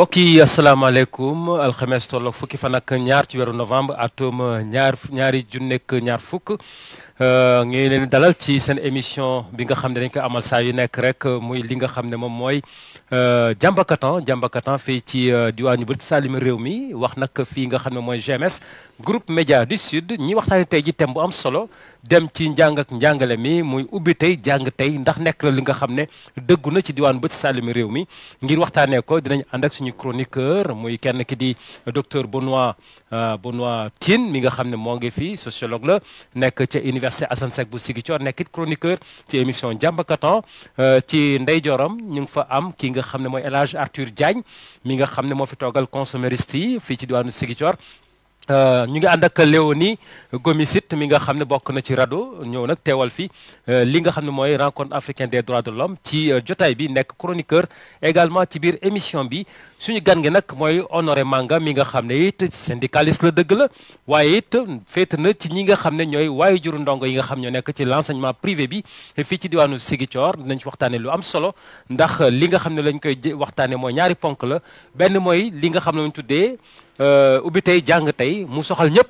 mbokk yi asalaamaaleykum alxames tollo fukki fan ñaar ci weeru novembre atum ñaar ñaari junneeg ñaar fukk Euh, ngi leen dalal ci seen émission bi nga xam ne dañ ko amal saa yu nekk rek euh, muy li nga xam ne moom mooy euh, jàmbakatan jàmbakatan fii ci diwaanu bët saalimi réew mi wax nag fii nga xam ne mooy GMS groupe média du sud ñi waxtaanee tey ji thème bu am solo dem ci njàng ak njàngale mi muy ubbi tey jàng tey ndax nekk la li nga xam ne dëggu na ci diwaanu bët saalimi réew mi ngir waxtaanee ko dinañ ànd ak suñu chroniqueur muy kenn ki di docteur Benoît benoit tin mi nga xam ne moo ngi fii sociologue la nekk ca université Université Assane Seck bu Ziguinchor nekkit chroniqueur ci émission jàmbakatan euh, ci ndeyjooram ñu ngi fa am ki nga xam ne mooy El Hadj Arthur Diagne mi nga xam ne moo fi toogal consomériste yi fii ci diwaanu Ziguinchor Euh, ñu ngi ànd ak Léonie Gomissit mi nga xam ne bokk na ci RADDHO ñëw nag teewal fi euh, li nga xam ne mooy rencontre africaine des droits de l'homme ci euh, jotaay bi nekk chroniqueur également ci biir émission bi suñu gan gi nag mooy Honoré Manga mi nga xam ne it syndicaliste la dëgg la waaye it féet na ci ñi nga xam ne ñooy waaye juru ndongo yi nga xam ñoo nekk ci l'enseignement privé bi fii ci diwaanu Ziguinchor dinañ ci waxtaane lu am solo ndax li nga xam ne lañ koy waxtaane mooy ñaari ponk la benn mooy li nga xam ne lañ tuddee Euh, ubbi tey jàng tey mu soxal ñëpp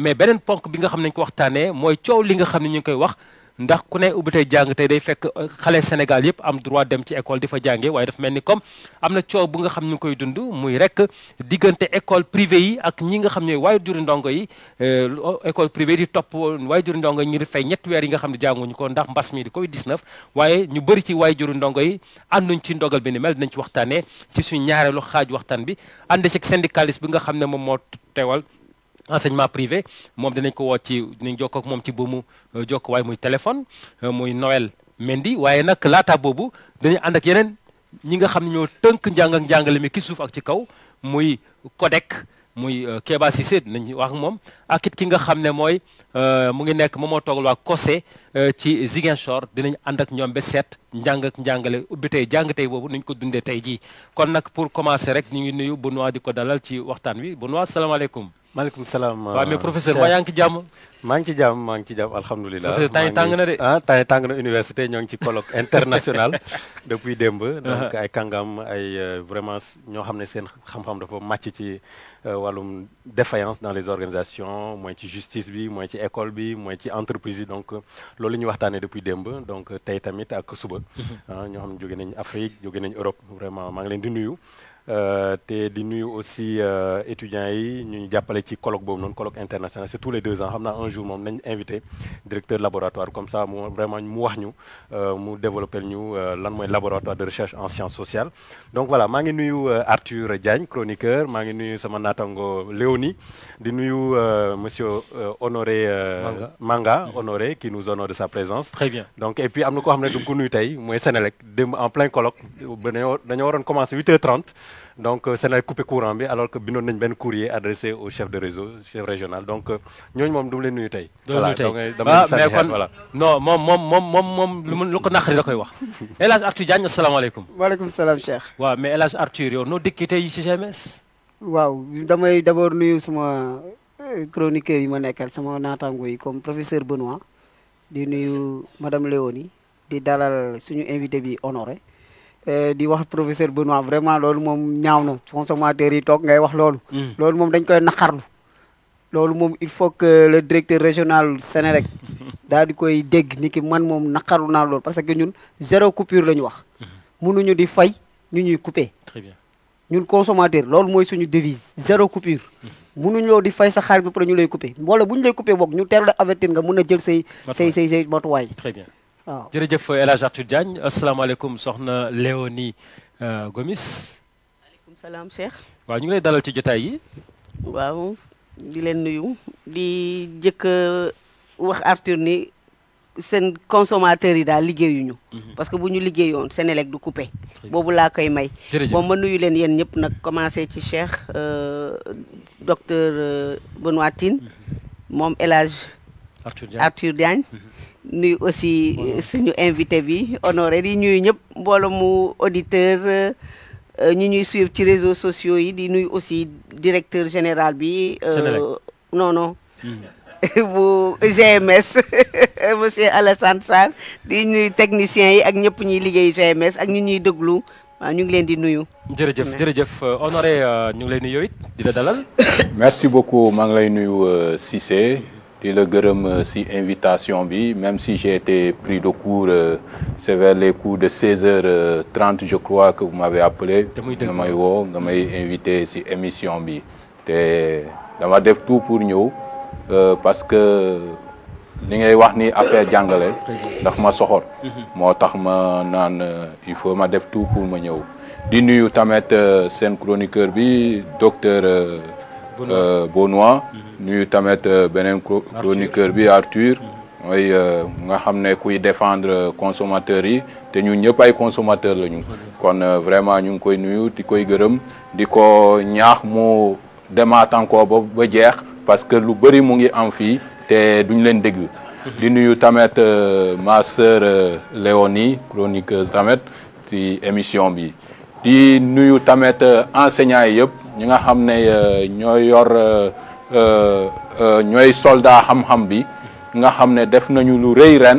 mais beneen ponk bi nga xam ne ñu ko waxtaanee mooy coow li nga xam ne ñu ngi koy wax ndax ku ne ubbi tey jàng tey day fekk euh, xale Sénégal yëpp am droit dem ci école di fa jàngee waaye dafa mel ni comme am na coow bu nga xam ñu koy dund muy rek diggante école privée yi ak ñi nga xam ñooy waajuri ndongo yi euh, école privée di topp waajuri ndongo yi ñu di fay ñetti weer yi nga xam ne jànguñu ko ndax mbas mi di Covid 19 waaye ñu bëri ci waaye waajuri ndongo yi ànduñ ci ndogal bi ni mel nañ ci waxtaanee ci suñu ñaareelu xaaj waxtaan bi ànd ci syndicaliste bi nga xam ne moom moo teewal enseignement privé moom dinañ ko woo ci dinañ jokkoo ak moom ci buumu euh, jokk waaye muy téléphone euh, muy Noël Mendy waaye nag laata boobu dañuy ànd ak yeneen ñi nga xam ne ñoo tënk njàng njàngale mi ki suuf ak ci kaw muy CODEC muy euh, Kéba Cissé dinañ wax ak moom ak it ki nga xam ne mooy mu ngi nekk moom moo toogal waa COSE ci Ziguinchor dinañ ànd ak ñoom be seet njàng njàngale ubbi tey jàng tey boobu nañ ko dundee tey jii kon nag pour commencer rek ñu ngi nuyu Benoît di ko dalal ci waxtaan wi Benoît salaamaaleykum maaleykum salam. waaw mais euh, professeur ba yaa ngi ci jàmm maa ngi ci jàmm maa ngi ci professeur temps de ah temps université ñoo ngi ci colloque international depuis démb uh-huh. donc ay kàngam ay euh, vraiment ñoo xam sen seen xam-xam dafa màcc ci euh, défaillance dans les organisations moitié ci justice bi moitié ci école bi moitié ci entreprise donc loolu ñu waxtaanee depuis dembe. donc tey tamit ak suba uh-huh. ah, ñoo xam ne nañ Afrique jóge nañ Europe vraiment maa ngi leen di nuyu euh, te di nuyu aussi euh, étudiants yi ñu jàppale ci colloque colloque international c'est tous les deux ans on a un jour on nañ invité directeur de laboratoire comme ça vraiment mu wax nous, euh, mu nous ñu laboratoire de recherche en sciences sociales. donc voilà je suis Arthur Diagne chroniqueur je suis nuyu sama Léonie di nuyu monsieur Honoré Manga Honoré qui nous honore de sa présence. très bien donc et puis am na un ko en plein colloque on avons commencé 8h30 donc n'a euh, coupé courant alors que nous avons un courrier adressé au chef de réseau chef régional donc nous, euh, on leen voilà ah, non je ne Arthur mais Arthur nous ici euh, comme professeur Benoît di nuyu madame Léonie di dalal suñu invité honoré eh, di wax professeur Benoît vraiment lolu mom ñaaw consommateur yi tok ngay wax lolu hmm. lolu mom dañ koy naqarlu. lolu mom il faut que le directeur régional Sénélec daal di koy dégg ni ki man mom naqarlu na lolu parce que ñun zéro coupure lañ ñu wax. mënuñu hmm. di fay ñu ñuy couper. très bien ñun consommateur lolu moy suñu devise zéro coupure. mënuñu hmm. loo di fay sa xaalis ba pare ñu lay couper wala bu ñu lay couper bok ñu teel la avertir nga mën a jël say. say say say matuwaay. très bien waaw jërëjëf El Hadj Arthur Diagne asalaamaaleykum soxna Léonie euh, Gomis. maaleykum salaam Cheikh. waaw ñu ngi lay dalal ci jotaay yi. waaw di leen nuyu di jëkk wax Arthur ni seen consommateurs yi daal liggéeyuñu. Mhm. parce que bu ñu liggéeyoon Senelec du coupé. boobu laa koy may. bon ma nuyu leen yéen ñëpp nag commencé ci Cheikh euh, docteur euh, Benoît Tine mhm. moom El Hadj Arthur Diagne. Mhm. Nous aussi nous invité honoré Nous sommes auditeur nous euh, réseaux sociaux Nous aussi directeur général bi euh, non non hmm. GMS monsieur Alassane techniciens GMS nous sommes merci beaucoup Manglay le la euh, si invitation bi même si j'ai été pris de cours euh, c'est vers les coups de 16h30 euh, je crois que vous m'avez appelé ngamay wo ngamay invité si émission bi et dama def tout pour nous, parce que li ngay wax ni affaire jangalé ndax ma soxor mhm. motax ma il faut ma def tout pour ma ñeu di nuyu tamet seen chroniqueur bi docteur Benoît nous t'amet le chroniqueur Arthur qui mhm. euh, nga xam défendre euh, consommateurs Nous avons pas ñëpp consommateurs nous vraiment ñu ko ñaax parce que nous bëri mu ngi am Nous avons duñ mhm. euh, ma sœur Léonie chroniqueuse di nuyu tamit euh, enseignants yi yëpp ñi nga xam ne euh, ñooy yor euh, ñooy soldat xam-xam bi nga xam ne def nañu lu rëy ren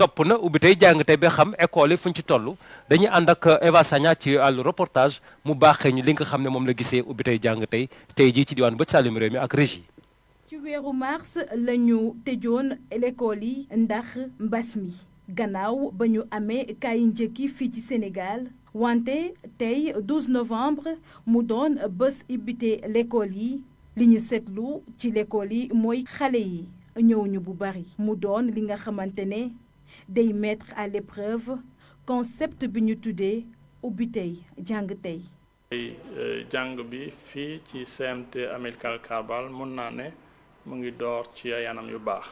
topp na ubbi tey jàng tey ba xam école yi fu ñu ci toll dañuy ànd ak euh, Eva ci àllu reportage mu baaxee ñu li nga xam ne moom la gisee ubbi tey jàng tey tey jii ci diwaan ba Saalum réew mi ak régie ci weeru mars la ñu tëjoon l'école yi ndax mbas mi gannaaw ba ñu amee kaay njëkki fii ci Sénégal wante tey 12 novembre mu doon bés ubbite l'école yi li ñu seetlu ci l'école yi mooy xale yi ñëw ñu bu bari mu doon li nga xamante ne day mettre à l'épreuve concept biñu ñu tuddee ubbi tey jàng euh, jang bi fi ci CMT Amilcar Cabral mun naa né mu ngi door ci ay yu bax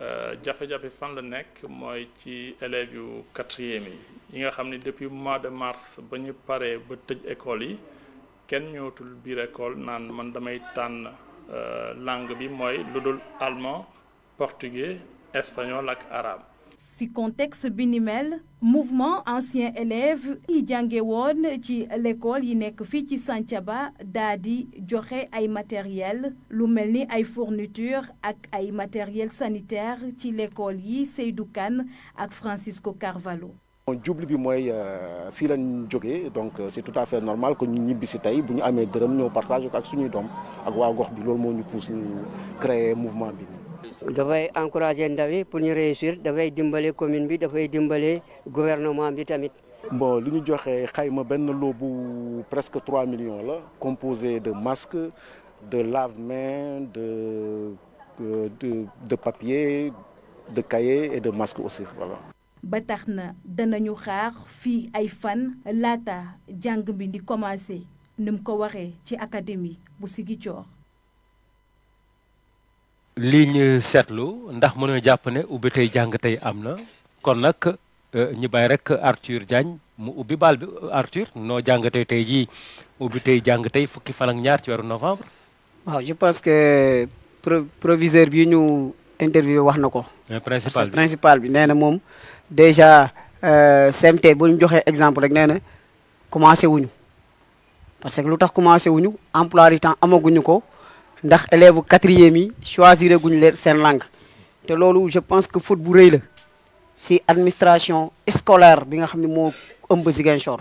euh jafé jafé fan la nek moy ci élèves yu quatrième yi yi nga xamni depuis mois de mars bañu paré ba tëj école yi kenn ñëwatul biir école naan man damay euh langue bi moy lu allemand portugais espagnol ak arabe si contexte binimel mouvement ancien élève yi jangé won ci l'école yi nek fi ci Santhiaba daa di joxe ay matériel lu melni ay fourniture ak ay matériel sanitaire ci l'école yi Seydou Kane ak Francisco Carvalho jubli bi moy euh, fi lañ jógee donc euh, c'est tout à fait normal que ñu ñibbi si tey bu ñu amee dërëm ñoo partage ko ak suñu doom ak wa gox bi lool mo ñu pousse créer mouvement bi faut encourager ndaw pour réussir il faut commune bi commune, il gouvernement bi tamit. bon Nous avons xayma presque 3 millions la composé de masques de lave-mains de euh, de de papier de cahier et de masques aussi voilà. ba na danañu xaar fi ay fan lata jang bi di commencer ni ko waxee ci académie bu lii ñu seetlu ndax mënoo jàpp ne ubbi tey jàng tey am na kon nag euh, ñu bàyyi rek Arthur Diagne mu ubbi baal bi euh, Arthur noo jàngatee tey jii ubbi tey jàng tey fukki fan ak ñaar ci weeru novembre. waaw je pense que proviseur bi ñu interview wax na ko. Euh, principal bi principal bi nee na moom déjà CMT bu ñu joxee exemple rek nee na commencé wuñu parce que lu tax commencé wuñu emploi du temps amaguñu ko. ndax élève 4 quatrième yi choisir guñ leen sen langue té lolu je pense que faute bu reuy la si administration scolaire bi nga xamni mo moo ëmb Ziguinchor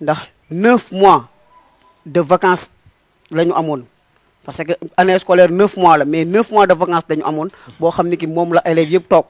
ndax 9 mois de vacances lañu amone parce que année scolaire 9 mois la mais 9 mois de vacances dañu amone bo xamni ki mom la élèves yépp tok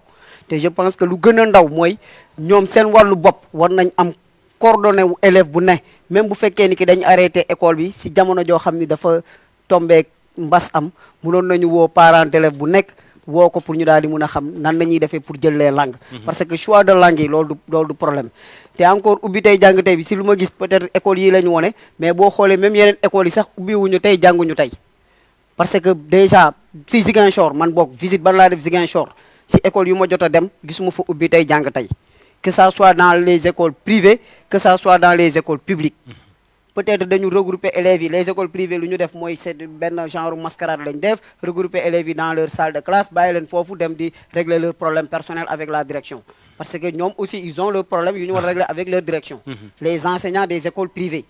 té je pense que lu gëna ndaw moy ñom sen walu bop war nañ am coordonné wu élève bu ne même bu féké ni ki dañu arrêté école bi ci jamono jo xamni dafa tomber mbas am mënoon nañu woo parent d'élève bu nekk woo ko pour ñu daal di mun a xam nan la ñuy defee pour jël les langues mhm. parce que choix de langue yi loolu du loolu problème te encore ubbi tey jàng tey bi si lu ma gis peut-être école yi la ñu wone mais boo xoolee même yeneen écoles yi sax ubbiwuñu tey jànguñu tey parce que déjà si Ziguinchor man boog visite ban laa def Ziguinchor si école yu ma jot a dem gisuma fa ubbi tey jàng tey que ça soit dans les écoles privées que ça soit dans les écoles publiques mhm. peut-être nous regrouper élèves les écoles privées lu def c'est élèves dans leur salle de classe il faut régler leurs problèmes personnels avec la direction parce que nous aussi ils ont leurs problème nous ñu régler avec leur direction mm-hmm. les enseignants des écoles privées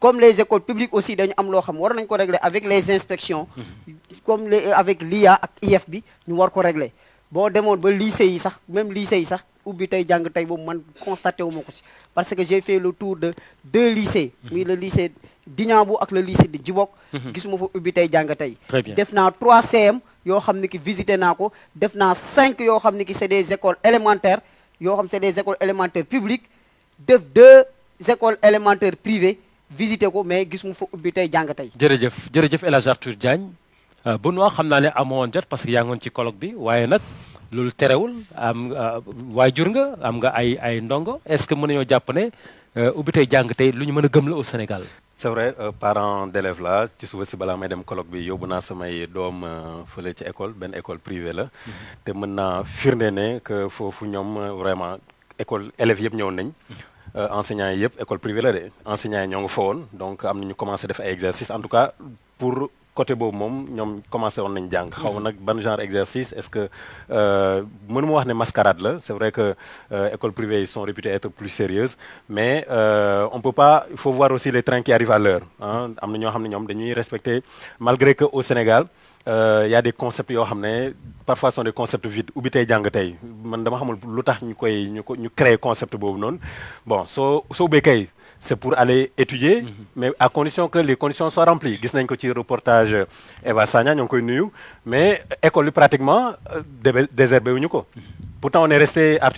comme les écoles publiques aussi nous am les régler avec les inspections mm-hmm. comme avec l'IA et l'IFB, nous ñu régler bo demone ba lycée yi sax même lycée yi sax ubbi tay jang tay bo man constaté wumako ci parce que j'ai fait le tour de deux lycées muy le lycée Dinaabou ak le lycée de Djibok gisuma fa ubbi tay jang tay defna 3 CM yo xamni ki visiter nako defna 5 yo xamni ki c'est des écoles élémentaires yo xam c'est des écoles élémentaires publiques def deux écoles élémentaires privées visiter ko mais gisuma fa ubbi tay jàng tey jërëjëf jërëjëf El Hadj Arthur Diagne Euh, Benoît xam naa ne amoon jot parce que yaa ngoon ci colloque bi waaye nag loolu terewul am euh, waajur nga am nga ay ay ndongo est-ce que mën nañoo jàpp ne euh, ubbi tey jàng tey lu ñu mën a gëm la au Sénégal. c'est vrai parent d'élève la ci suba si bala may dem colloque bi yóbbu naa samay doom fële ci école benn école privée la mhm. te mën naa firnde ne que foofu ñoom vraiment école élève yëpp ñëw nañ enseignants yi yëpp école privée la de enseignants yi ñoo côté bon, nous ñom commencé won nañ jang xaw nak ban genre exercice est-ce que euh, mënu avons wax né mascarade c'est vrai que euh, écoles privées sont réputées être plus sérieuses mais euh, on peut pas il faut voir aussi les trains qui arrivent à l'heure hein amna ñoo xam dañuy malgré que au Sénégal il y a des concepts qui sont parfois sont des concepts vides ou bien jàng tey man dama xamul lu des ñu koy ñu créer concept bon so so ubbee c'est pour aller étudier mhm. mais à condition que les conditions soient remplies gis nañ ko reportage Eva ñu nuyu mais école pratiquement euh, désherbé mhm. pourtant on est resté à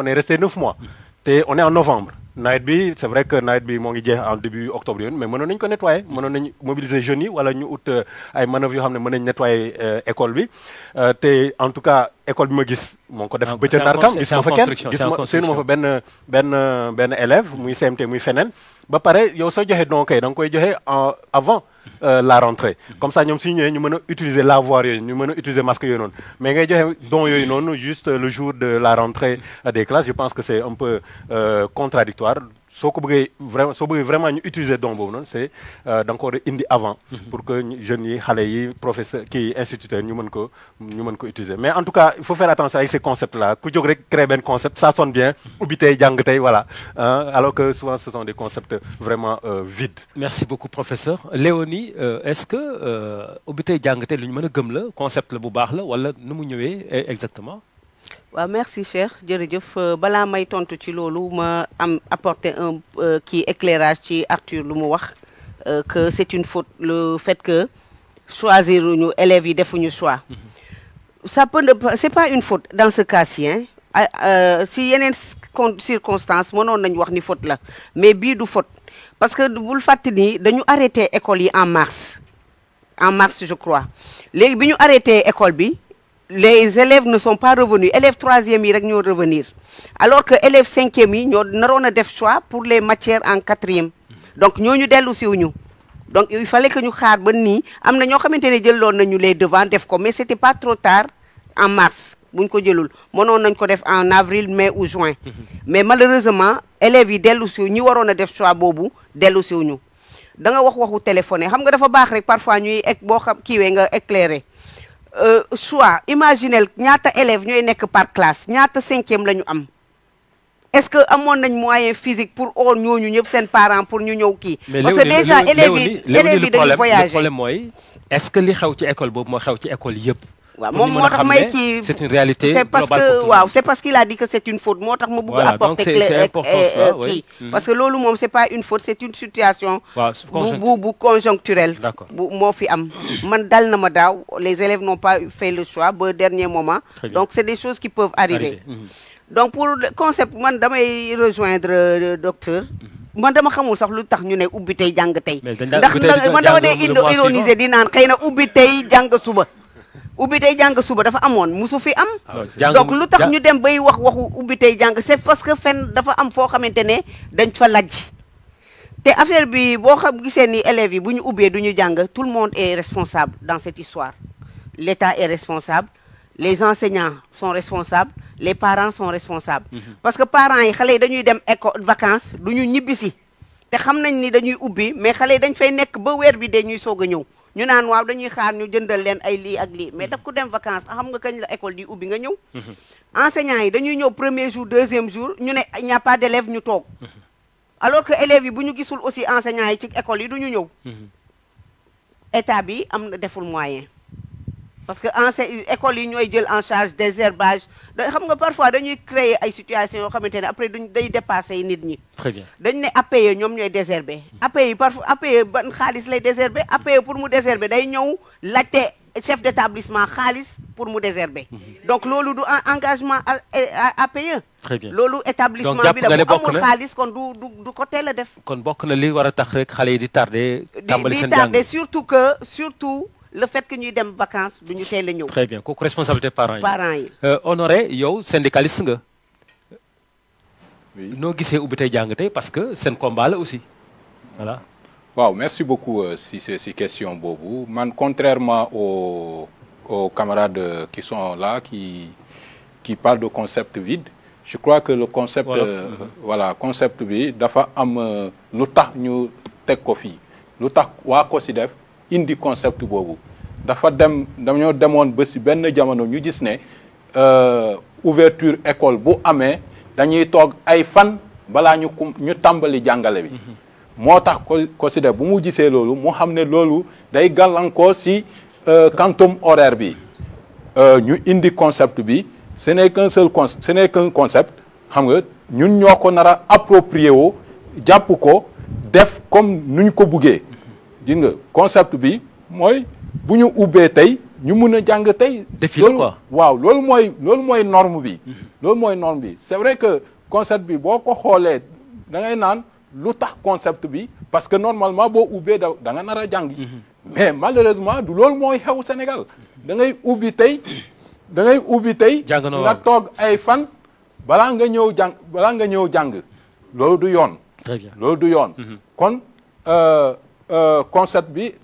on est resté neuf mois mhm. on est en novembre nawet bi c' vrai que nawet bi moo ngi jeex en début octobre yoon mais mënoon nañu ko nettoyer mënoon nañu mobiliser jeunes yi wala ñu ut euh, ay manœuvres yoo xam ne mën nañu nettoyer euh, école bi euh, te en tout cas école bi ma gis. moo ngi ko def ah, bëccëg ndar kam gis ma fa kenn gis ma seenu ma fa benn benn benn élève muy CMT muy feneen. ba pare yow soo joxe donc kay da nga koy joxe avant. Euh, la rentrée comme ça nous si nous ñu utiliser la voie, nous mën utiliser utiliser masque mais ngay joxe don juste le jour de la rentrée des classes je pense que c'est un peu euh, contradictoire soo ko vraiment vraiment ñu utiliser don c'est euh, d'encore nga indi avant mhm. pour que jeunes yi xale professeur qui instituteur ñu mën ko utiliser mais en tout cas il faut faire attention avec ces concepts là ku jóg rek créer concept ça sonne bien Oubité, tey voilà hein, alors que souvent ce sont des concepts vraiment euh, vides merci beaucoup professeur Léonie euh, est-ce que Oubité, tey le lu concept le bu baax la wala nu e-, exactement merci cher Je euh, bala may tontu ci lolu ma am apporter un qui euh, éclairage ci Arthur lu mu wax euh, que c'est une faute le fait que choisir ñu élèves yi defuñu choix mm-hmm. ça peut c'est pas une faute dans ce cas-ci hein. si une circonstance mënoon nañ wax ni faute la mais c'est du faute parce que vous le faites ni dañu arrêté école yi en mars en mars je crois Légui nous arrêter arrêté école les élèves ne sont pas revenus élèves troisième yi rek ñoo revenir alors que élèves cinquième yi ñoo naroon a def choix pour les matières en quatrième donc ils dellu si wuñu donc il fallait que nous xaar ba nii nous na ñoo xamante les devants def mais ce n'était pas trop tard en mars buñ ko jëlul mënoon nañ ko en avril mai ou juin mais malheureusement élèves ils ont si ñi waroon a des choix boobu choix, ils wuñu da nga wax waxu téléphoné xam nga dafa des rek parfois ñuy ek xam nga éclairé soit a nous élèves sont que par classe nous cinquième est-ce que a des moyen physique pour nous, pour nous, parents pour nous ñëw parce que déjà élèves élèves voyager est-ce que li nous, ci c'est une réalité c'est parce qu'il a dit que c'est une faute c'est important euh, euh, mm-hmm. parce que c'est pas une faute c'est une situation conjoncturelle les élèves n'ont pas fait le choix au dernier moment donc c'est des choses qui peuvent arriver mm-hmm. donc pour le concept man damay rejoindre euh, docteur je mm-hmm ubbi tey jàng suba dafa amone musu fi am ah, donc lutax ñu dem bay wax waxu ubbi tey jàng c'est parce que fen dafa am fo xamantene ne dañ fa laj té affaire bi bo xam gisee ni élèves yi bu ñu ubbee tout le monde est responsable dans cette histoire l'État est responsable les enseignants sont responsables les parents sont responsables mhm. parce que parents yi xalé dañuy dem école vacances duñu ñibisi té xam nañ ni dañuy ubbi mais xalé dañ fay nek ba weer bi dañuy soga soog ñu naan waaw dañuy xaar ñu jëndal leen ay lii ak lii mais mhm. daf ko dem vacances xam nga kañ la école di ubbi nga ñëw mhm. enseignants yi dañuy ñëw premier jour deuxième jour ñu ne il n'y a pas d'élèves ñu toog mhm. alors que élèves yi bu ñu gisul aussi enseignants yi ci école yi du ñu ñëw état bi am na deful moyen parce que ense école yi ñooy jël en charge des désherbage da xam nga parfois dañuy créer ay situation yoo xamante ne après duñ day dépasser nit ñi. très bien dañ ne APE ñoom ñooy désherber. APE parfois APE ban xaalis lay désherber APE pour mu désherber day ñëw laajte chef d' établissement xaalis pour mu désherber. Mhm. donc loolu du engagement APE. très bien loolu établissement bi la bu amul xaalis kon du du du ko teel a def. kon bokk na li war a tax rek xale yi di tardé. tàmbali seen jàng di tardé surtout que surtout le fait que nous ayons des vacances nous sommes les très bien une responsabilité parents parents yi. Euh, honoré yow syndicaliste nga. Nous avons ubbi de jàng parce que un combat aussi voilà. Wow. merci beaucoup euh, si ces questions. Bobo. man contrairement aux camarades euh, qui sont là qui qui parlent de concepts vides, je crois que le concept. voilà concept bi dafa am lu tax ñu Nous ko fii lu tax indi concept bobu dafa dem demone ba ben jamono ñu gis euh, ouverture école bu et dañuy tok ay fan bala ñu ñu tambali jangale bi mm-hmm. motax bu mu gisé lolu mu xamné si euh, quantum horaire bi euh, ñu indi concept bi ce n'est qu'un seul concept ce n'est qu'un concept xam nga ñun approprié def comme nuñ ko gis nga concept bi moy buñu ñu tay ñu mëna jang tay tey. défi quoi waaw loolu mooy loolu mooy norme bi. Mhm. lool moy norme bi c'est vrai que concept bi boko xolé da ngay naan lu tax concept bi parce que normalement bo ubbee da nga nar jang mhm. mais malheureusement du lool moy xew Sénégal da ngay ubbi tay da ngay ubbi tay nga toog ay fan bala nga ñew jang bala nga ñew jang lool du yoon. très bien lool du yoon mhm. kon. Euh, euh, concept bi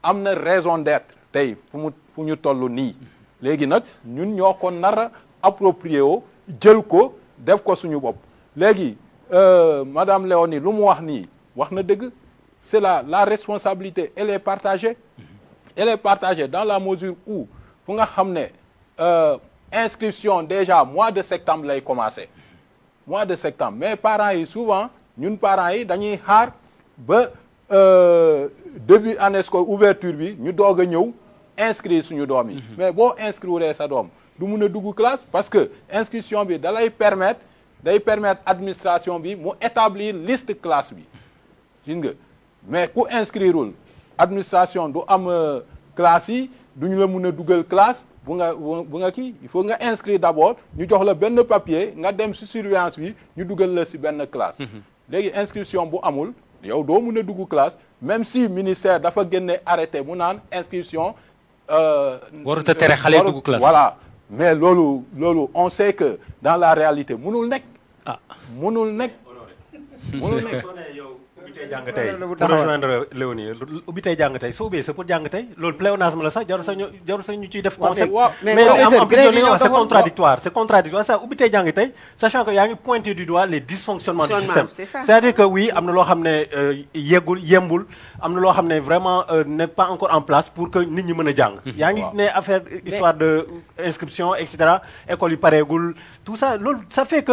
amna raison d'être tay fu mu ñu toll ni léegi nak ñun ñoko nara nar approprié jël ko def ko suñu bopp euh madame Léonie lu mu wax ni wax na c'est la la responsabilité elle est partagée elle est partagée dans la mesure où fu nga xamné euh inscription déjà mois de septembre lay commencé mois de septembre mais parents yi souvent ñun parents yi dañuy xaar ba euh, début année scolaire ouverture bi ñu doog a inscrire suñu doom mhm. mais bon inscrire sa doom du mëna duggu classe parce que inscription bi da lay permettre day permettre administration bi mu établir liste classe bi. gis mais ku inscrirul administration du am euh, classe yi le la classe. bu nga bu nga ki il faut nga inscrire d'abord ñu jox la benn papier nga dem ci surveillance bi ñu duggal la ci benn classe mhm. légui inscription bu amul classe même si ministère dafa a arrêté mu nan inscription. Euh, mais on sait que dans la réalité munul ah c'est contradictoire c'est contradictoire sachant que du doigt les dysfonctionnements du système c'est-à-dire que oui il y a vraiment euh, n'est pas encore en place pour que nit ñi a mhm. affaire histoire de inscription et école tout ça ça fait que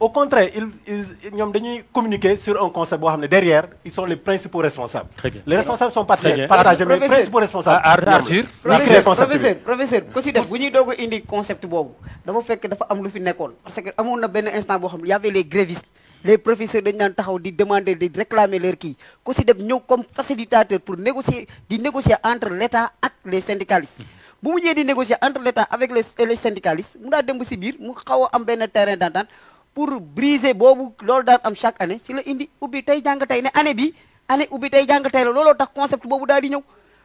au contraire ils ñom dañuy communiquer sur un concept derrière, ils sont les principaux responsables. Les responsables sont partagés, partagés mais les principaux responsables. Arthur, professeur, professeur, considère, vous n'avez pas ñuy doog indi concept boobu dafa fekk dafa am lu fi parce que amoon na benn instant y avait les grévistes. les professeurs de daan taxaw di demander réclamer leur qui. ko nous comme facilitateurs pour négocier de négocier entre l'État et les syndicalistes. Vous mu négocier entre l'État avec les syndicalistes mu daa un terrain d'entente pour briser boobu loolu daan am chaque année si la indi ubbi tey jàng tey ne année bi année ubbi tey jàng tey la looloo tax concept boobu daal ñëw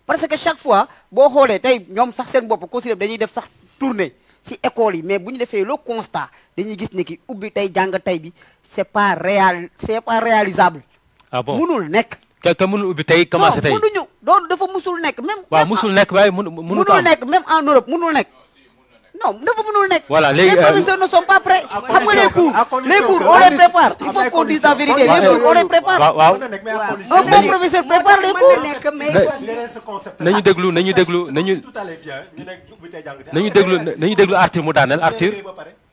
parce que chaque fois boo xoolee tey ñoom sax seen bopp considère dañuy def sax tournée si école yi mais bu ñu defee le constat dañuy gis ne ki ubbi tey jàng tey bi c'est pas réal c'est pas réalisable ah bon munul nekk te te mënul ubbi tey commencé tey mënuñu loolu dafa musul nekk même waaw musul nekk waaye mënu mënu ko am mënul nekk même en Europe mënul nekk Non, nous Voilà, les, les professeurs euh, ne sont pas prêts. Après les cours, les cours, on les prépare. Il faut qu'on dise la vérité. Les cours, on les prépare. Un bon professeur prépare les cours. Tout allait bien. les Arthur mu Arthur.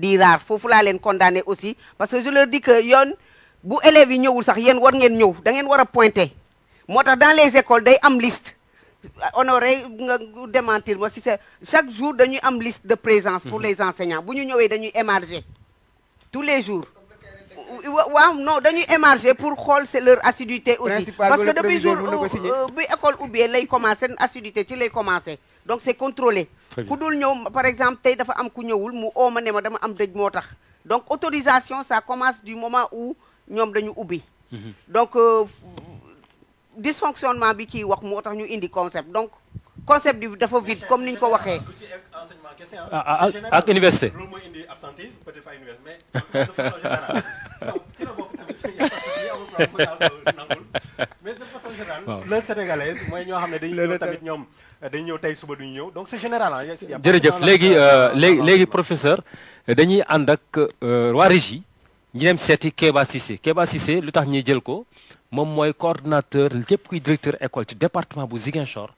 Il faut les condamner aussi parce que je leur dis que yon bu élèves yi ñëwul sax yeen war ngeen ñew da ngeen wara pointer pointé dans les écoles day am liste honoré nga démentir moi si c'est chaque jour dañuy am liste de présence pour mhm. les enseignants bu ñu ñëwee dañuy émarger tous les jours ils non dañuy émarger pour voir c'est leur assiduité aussi parce que depuis jour euh, ils euh, école commencé l'assiduité, ci lay commencé donc c'est contrôlé par exemple donc autorisation ça commence du moment où nous dañu mhm. donc euh, dysfonctionnement qui concept donc concept vide comme nous. mais de façon générale mooy ñoo xam ne dañu ñëw tamit ñoom dañu ñëw tey suba duñu ñëw donc c'est général jërëjëf léegi euh, léegi léegi professeur dañuy ànd ak euh, waa régie ñi seeti Kéba Cissé lu tax ñuy jël ko moom mooy coordonnateur lépp kuy directeur école ci département bu Ziguinchor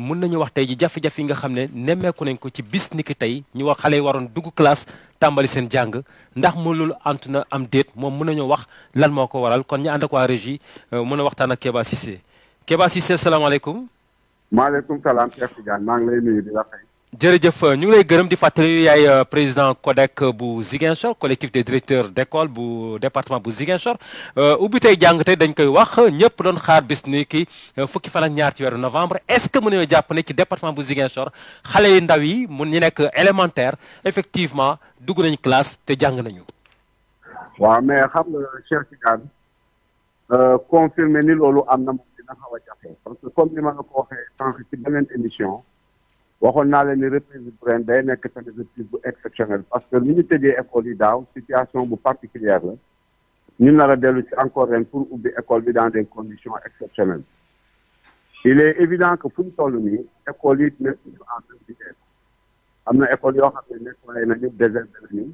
mën nañu wax tey ji jafe-jafe yi nga xam ne nemmeeku nañ ko ci bis ni ki tey ñu wax xale yi waroon dugg classe tàmbali seen jàng ndax mu loolu antu na am déet moom mën nañu wax lan moo ko waral kon ñu ànd ak waa régie euh, mën a waxtaan ak Kéba Cissé Kéba Cissé salaamaaleykum. maaleykum salaam Cheikh Tidiane maa ngi lay nuyu di la fay. jërëjëf ñu lay gërëm di le euh, président CODEC bu collectif des directeurs d'école du département bu Ziguinchor est dit que vous avez dit que vous avez dit que vous avez dit que vous avez dit novembre est-ce que que vous avez dit département bu Ziguinchor que yi ndaw élémentaire effectivement vous classe te mais xam nga euh, confirmer ni dit que vous avez dit parce que comme je ko émission. On a leen ni reprise bu ren day nekk tamit exceptionnelle parce que l'unité des écoles école yi situation particulière nous ñu pas ci encore ren pour ubbi école dans des conditions exceptionnelles il est évident que fu nous toll nii école yi nekkuñu en train de am na école yoo xam ne nettoyé nañu désherbé nañu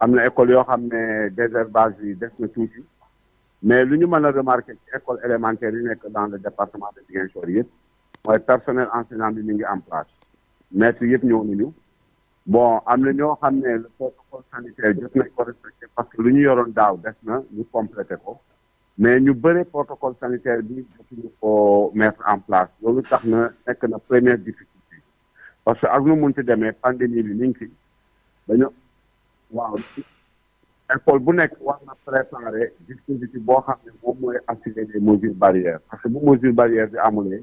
am na école yoo xam ne désherbage yi des na tuuti mais lu ñu mën a remarqué que école élémentaire yi que dans le département de Ziguinchor yëpp Le personnel enseignant bi en place maître yëpp ñëw ñu bon am na ñoo xam ne le protocole sanitaire jot nañ ko respecté parce que lu ñu yoroon daaw des na ñu complété ko mais ñu bëre protocole sanitaire bi jotuñu ko mettre en place loolu tax na nekk na première difficulté parce que ak nu munti demee pandémie bi ñu ngi fi dañoo waaw école bu nekk war na préparer dispositif boo xam ne moom mooy assurer des mesures barrières parce que bu mesure barrière bi amulee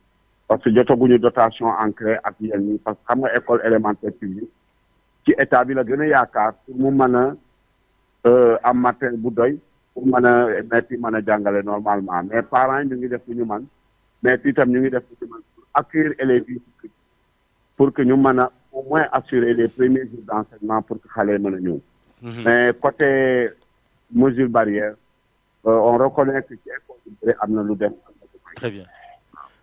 parce que buñu dotation encré ak yéen ñi parce que xam nga école élémentaire publique ci état bi la gëna a yaakaar pour mu mën a euh, am matin bu doy pour mën a maître yi mën a jàngale normalement mais parents yi ñu ngi def lu ñu man maître tam ñu ngi def lu ñu man pour accueillir élèves pour que ñu mën a au moins assurer les premiers jours d'enseignement pour que xale mën a ñëw mhm. mais côté mesure barrière euh, on reconnaît que ci école bi am na lu def très bien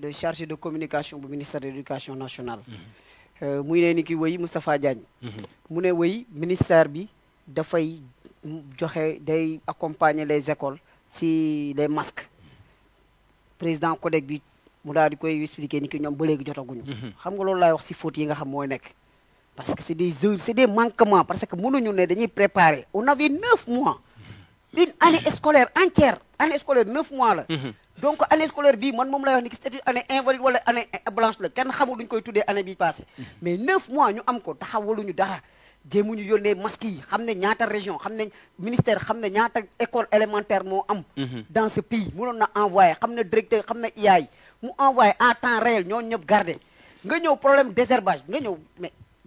le chargé de communication du ministère de l'éducation nationale. Euh, muy niki ni ki wéy Moustapha Diagne. mu ministère bi fay, joxe accompagner les écoles si les masques président Kodek bi mu dit di koy expliquer ni ki ñoom ba léegi jotaguñu. xam nga que wax faute parce que c'est des c'est des manquements, parce que nous avons préparer, On avait neuf mois, une année scolaire entière, année scolaire neuf mois. Là donc année scolaire je man sais année invalide année blanche mais neuf mois nous avons ko des région des ministère écoles élémentaire mhm. dans ce pays nous avons envoyé nous directeur nous avons envoyé en temps réel Nous avons gardé nga problèmes problème désherbage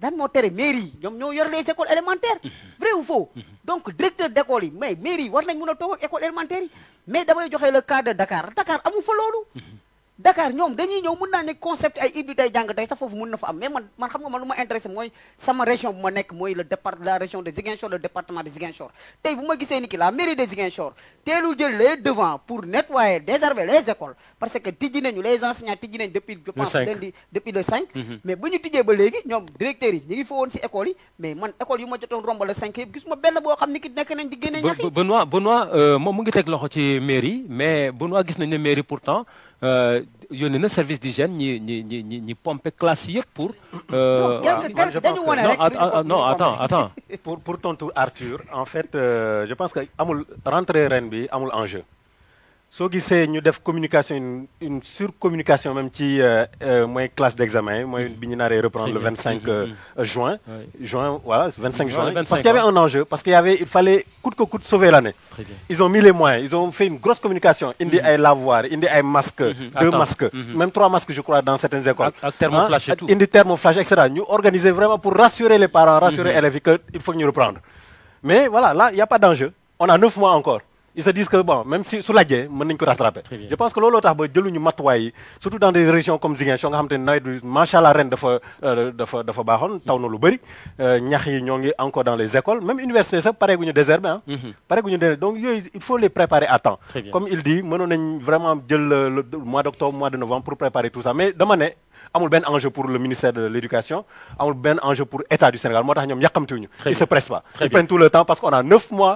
daan moo tere mairie yi ñoom ñoo yor les écoles élémentaires vrai ou faux donc directeur d' yi mais mairie yi war nañ mun a toog ak école élémentaire mais damay joxe le cas de Dakar Dakar amu fa loolu Dakar ñoom dañuy ñëw mun naa ne concept ay hybride ma intéressé mooy sama région bu ma nekk mooy la région de Ziguinchor le département de Ziguinchor tey bu ma gisee ni ki la mairie de Ziguinchor teelul jël les devants pour nettoyer désherber les écoles parce que tijji nañu les enseignants tijji depuis le 5 mhm. mais bu ñu tijjee ba léegi ñoom directeurs yi ñu ngi fa si école yi mais man école yu ma jotoon romba le 5 yëpp gisuma benn boo xam ni nekk euh, ne mairie Euh, a un service d'hygiène ni ni ni ni ni pompe classique pour. Euh, non attends attends pour pour tour, Arthur en fait euh, je pense que rentrer RNB à bi amul enjeu soo nous ñu def communication une surcommunication même si euh, euh, moi classe d'examen Moi, bi ñu reprendre le 25 euh, mm-hmm. mm-hmm. juin. juin voilà juin parce qu'il y avait un enjeu parce qu'il y avait il fallait coûte que coûte sauver l'année. ils ont mis les moyens ils ont fait une grosse communication indi mm-hmm. ay lavoir indi ay masque deux masques même trois masques je crois dans certaines écoles. Un thermoflash et ah, tout indi thermoflash etc. Nous organiser vraiment pour rassurer les parents rassurer élèves qu'il qu'il faut que nous reprendre mais voilà là il n'y a pas d'enjeu on a neuf mois encore ils se disent que bon même si su la guerre, nañu ko rattraper je pense que l'autre tax ba jëluñu matuwaay surtout dans des régions comme Ziguinchor nga xam y a nawet bi macha allah reine dafa euh, dafa dafa baaxoon euh, encore dans les écoles même université sax pareeguñu désherber ah. mhm. Hein? des désherber donc il faut les préparer à temps comme il dit on nañ vraiment jël euh, le mois d'octobre mois de novembre pour préparer tout ça mais dama y amul un enjeu pour le ministère de l'éducation amul ben enjeu pour l'État du Sénégal Ils ne se pressent pas ils prennent tout le temps parce qu'on a neuf mois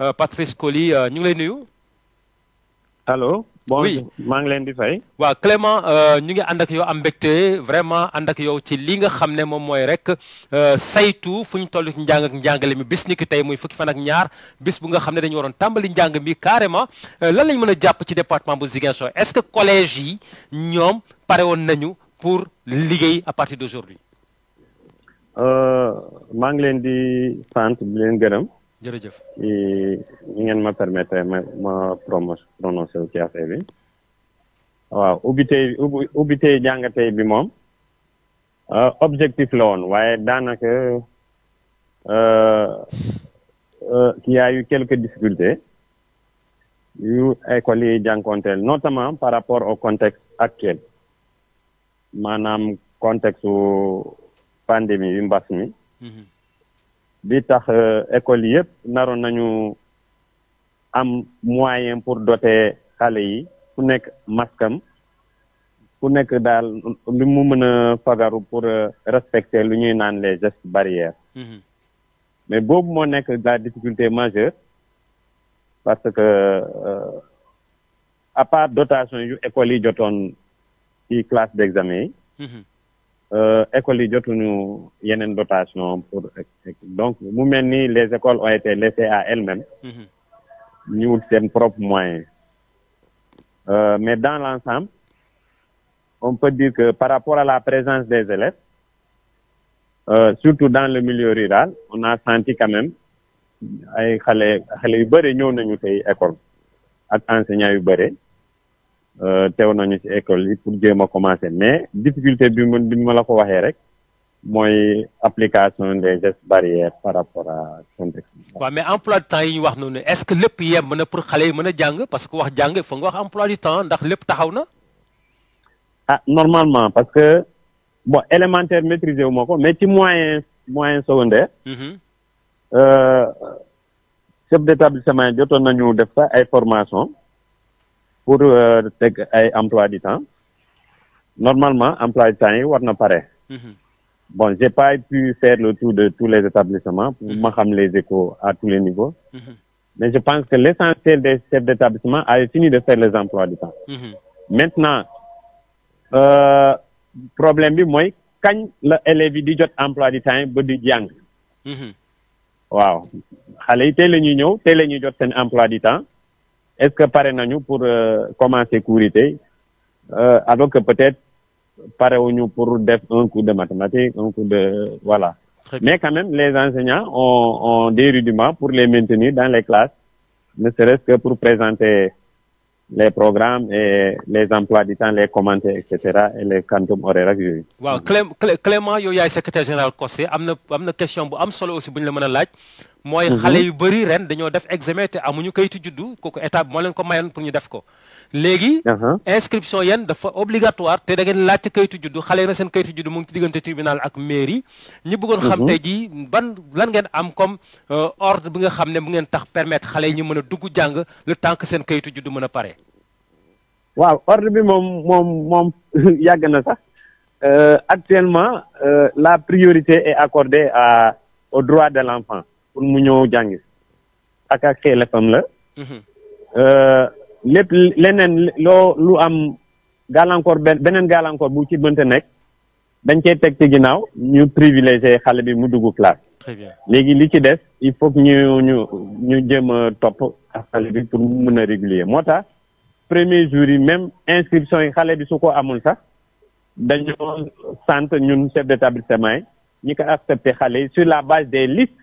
Euh, Patrice Colly euh, ñu ngi lay nuyu. allo. oui maa ngi leen di fay. waaw Clément euh, ñu ngi ànd ak yow am vraiment ànd ak yow ci li nga xam ne moom mooy rek saytu fu ñu toll ak njàngale mi bis ni ki tey muy fukki fan ak ñaar bis bu nga xam ne dañu waroon tàmbali njàng mi carrément lan lañ mën a jàpp ci département bu Ziguinchor est-ce que collège yi ñoom pare woon nañu pour liggéey à partir d'aujourd'hui. maa ngi leen di sant di leen jërëjëf ñi ngeen ma permettre ma ma promo prononcé wu bi waaw ubbi tey ubbi tey jàngatey bi moom euh, objectif la woon waaye daanaka y euh, euh, a eu quelques difficultés yu école yi jànkonteel notamment par rapport au contexte actuel maanaam contexte pandémie bi mbas mi mhm. bi tax euh, école yépp naroon nañu am moyen pour doter xale yi ku nekk maskam ku nekk daal li mu mën a fagaru pour euh, respecter lu ñuy naan les gestes barrières mhm. mais boobu moo nekk la difficulté majeure parce que euh, à part dotation yu école yi jotoon ci classe d'examen yi mhm. Euh, écoles yi une dotation pour donc mu les écoles ont été laissées à elles-mêmes Nous, mhm. wut un propre moyen euh, mais dans l'ensemble on peut dire que par rapport à la présence des élèves euh, surtout dans le milieu rural on a senti quand même ay xalé xalé yu bëri ñëw nañu tay école ak enseignants yu euh, téw nañu ci école yi pour jéem a commencer mais difficulté bi mu bi ma la ko waxee rek mooy application des gestes barrières par rapport à contexte bi. waaw mais emploi du temps yi ñu wax noonu est-ce que lépp yemb na pour xale yi mën a jàng parce que wax jàng il faut nga wax emploi du temps ndax lépp taxaw na. ah normalement parce que bon élémentaire maîtrisé wu ma ko mais ci moyen moyen secondaire. Mhm. Euh, chef d'établissement yi jotoon nañu def sax ay formation pour euh, tes ay emploi du temps normalement emploi du temps yi war na mhm. bon j'ai pas pu faire le tour de tous les établissements pour mhm. ma les échos à tous les niveaux mhm. mais je pense que l'essentiel des chefs d'établissement a fini de faire les emplois du temps maintenant euh, problème bi quand quand la élève jot emploi du temps ba di jàng waaw xalé té tey ñëw té emploi du temps est-ce que paré nous pour euh, commencer cours euh, alors que peut-être parrainons-nous pour un cours de mathématiques un cours de voilà mais quand même les enseignants ont, des rudiments pour les maintenir dans les classes ne serait-ce que pour présenter les programmes et les emplois du temps, les commentaires, etc. et les quantum horaires Clément secrétaire général un secrétaire général question bu aussi moy mhm. xalé yu ren def examen amuñu pour ñu def uh-huh. inscription obligatoire da ngeen na seen tribunal ak mairie. ñi bëggoon xam mhm. ban lan ngeen am comme euh, ordre bi nga permettre le que seen waaw ordre bi euh, actuellement euh, la priorité est accordée à au droit de l'enfant pour mu ñëw jàngi ak ak xeelefam la mhm. euh, lépp leneen loo lu am gàllankoor beneen gàllankoor bu ci mënta nekk dañ cee teg ci ginnaaw ñu privilégié xale bi mu dugg classe léegi li ci des il faut ñu ñu ñu jëm a topp xale bi pour mu mën a régulier moo tax premier jour yi même inscription yi xale bi su ko amul sax dañoo sant ñun chef d'établissement yi ñi ko accepté xale yi sur la base des listes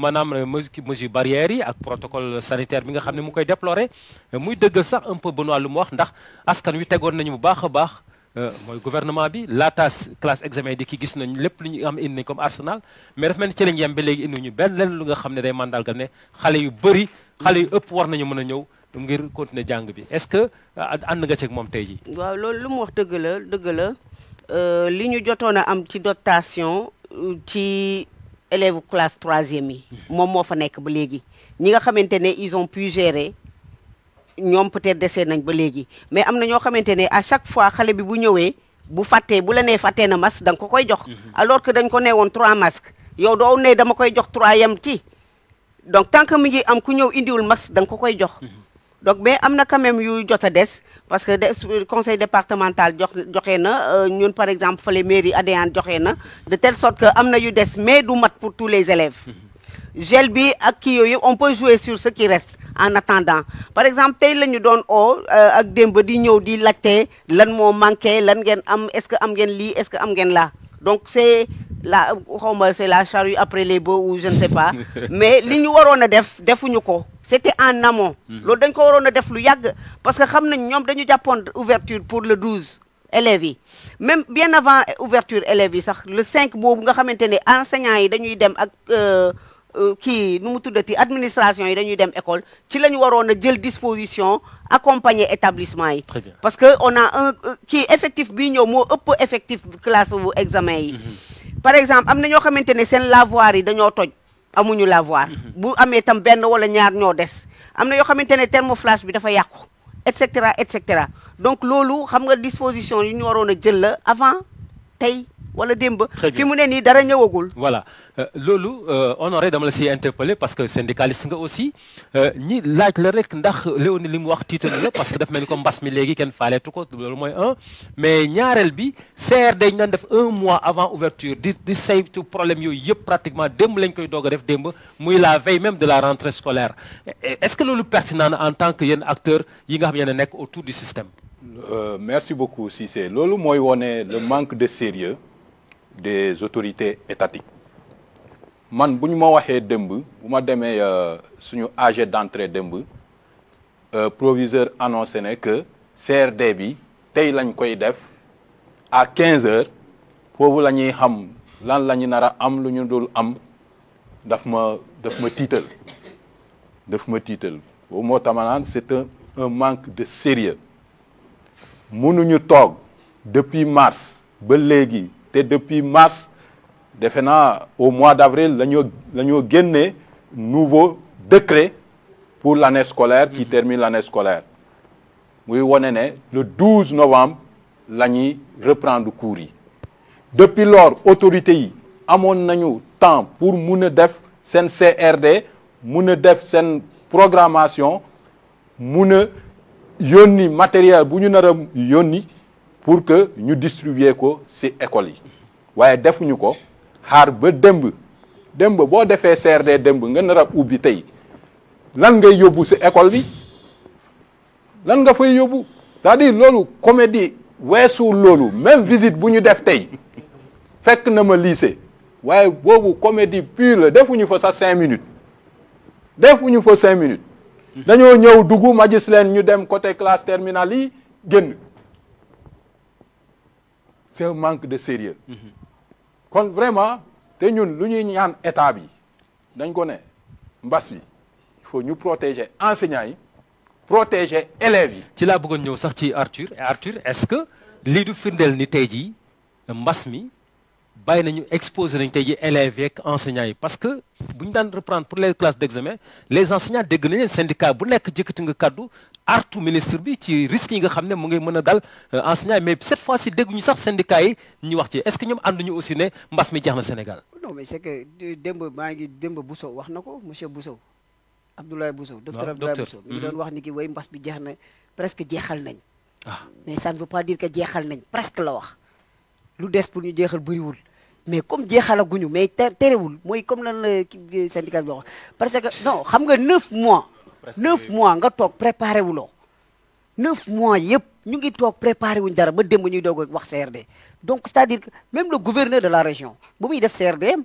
Mme Muzi barrières et le protocole sanitaire bi nga koy déplorer un peu Benoît wax ndax askan nañu euh, gouvernement bi classe examen ki gis am comme arsenal mais dafa mel ci ñu lu nga yu yu ëpp war nañu est-ce que and euh, nga waaw lu mu wax la euh, am dotation élève classe troisième yi moom moo fa nekk ba léegi ñi ils ont pu gérer on peut-être desee nañ ba mais am na ñoo xamante à chaque fois xale bi bu ñëwee bu faté bu la na masque da quoi ko koy jox mhm. alors que dañ ko nee woon trois masques yow do ne dama koy jox trois yam ci donc tant que mi ngi am ku ñëw indiwul masque dans quoi ko koy jox mhm donc ben, amna quand même yu jot dess des parce que le conseil départemental jox joxe na euh, ñun par exemple les mairie Adéane joxe na de telle sorte que amna yu des mais du mat pour tous les élèves Gelbi bi ak ki on peut jouer sur ce qui reste en attendant par exemple tay la ñu doon oo euh, ak démb di ñëw di laajte lan mo manqué lan ngeen am est-ce que am ngeen li est-ce que am ngeen la donc c'est la c'est la charrue après les bœufs ou je ne sais pas mais ce ñu nous a def defuñu ko c'était en amont mm-hmm. loolu dañ ko warona a def lu parce que nous avons fait dañu ouverture pour le 12 élèves même bien avant ouverture élèves sax le 5 bobu nga xamante enseignants yi dañuy dem ak qui euh, euh, nu mu tuddati administration yi dañuy dem école ci la jël disposition accompagner établissement parce que on a un qui euh, effectif bi ñëw mo ëpp effectif classe ou examen mm-hmm par exemple amna ñoo xamantene sen lavoir yi dañoo toj amuñu lavoir mhm. bu amé tam ben wala ñaar ñoo dess. Amna yo xamantene thermoflash bi dafa yàqu et cetera et cetera donc loolu xam nga disposition yi ñu waroon a jël la avant tey wala démb fi mu ne nii dara ñëwagul. voilà euh, loolu euh, honoré dama la interpellé parce que syndicaliste nga aussi euh, ñi laaj la rek ndax Léoni li wax tiital parce que daf mel ni comme mbas mi léegi kenn faaleetu ko loolu mooy un mais ñaareel bi CRD ñu def un mois avant ouverture dit di saytu problème yooyu yëpp pratiquement démb lañ koy doog a def démb muy la veille même de la rentrée scolaire est-ce que loolu pertinent en tant que yéen acteur yi nga xam yéen a autour du système. merci beaucoup Cissé moi on est le manque de sérieux des autorités étatiques man bu ñu ma waxee démb bu ma demee euh, suñu AG d'entrée démb euh, proviseur annoncé ne que CRD bi tey lañ koy def à 15 heures pour la ñuy xam lan la ñu a am lu dul am daf ma daf ma daf ma titel c'est un manque de sérieux mënuñu toog depuis mars ba légui depuis mars au mois d'avril, nous avons un nouveau décret pour l'année scolaire qui mhm. termine l'année scolaire le 12 novembre nous reprend le cours depuis lors l'autorité a eu le temps pour le def CRD programmation le matériel pour que nous distribuions ko ci école yi waaye defuñu ko ba demb demb bo CRD a tay lan ngay ci école bi lan nga fay c'est-à-dire la comédie même visite vous def tay fekk na ma lycée comédie pure defuñu fa ça cinq minutes defuñu fa cinq minutes dañu ñëw duggu Vous ñu côté classe terminale yi c'est manque de sérieux quand mhm. vraiment te ñun lu ñuy ñaan état bi dañ il faut nous protéger enseignants protéger élèves tu ci l'a nous ñëw sax ci Arthur Arthur est-ce que les deux fidèles ni dit un mbas mi bàyyi nañu exposé et tey et élèves et enseignants parce que vous pour les classes d'examen les enseignants dégg syndicats syndicat bu nekk jëkkati nga cadeau artu ministre bi ci risque yi nga xam ne mu ngi dal euh, enseignant mais cette fois ci dégguñu sax syndicat yi ñu wax ci est ce que ñoom ànduñu aussi ne mbas mi jeex Sénégal. non mais c' que démb maa ngi démb Bousso wax na ko monsieur Bousso Abdoulaye Bousso. Ah, docteur Abdoulaye Bousso mi doon wax ni ki way mbas bi jeex presque nañ. Ah. mais ça ne veut pas dire que jeexal nañ presque la wax lu des pour ñu jeexal bëriwul. mais comme jeexalaguñu mais terewul mooy comme lan la syndicat bi wax parce que non xam nga mois. 9 mois nga tok préparé wu loo mois yëpp ñu ngi tok préparé wuñ dara ba dem ñuy doog wax CRD donc c'est-à-dire que même le gouverneur de la région bu muy def CRD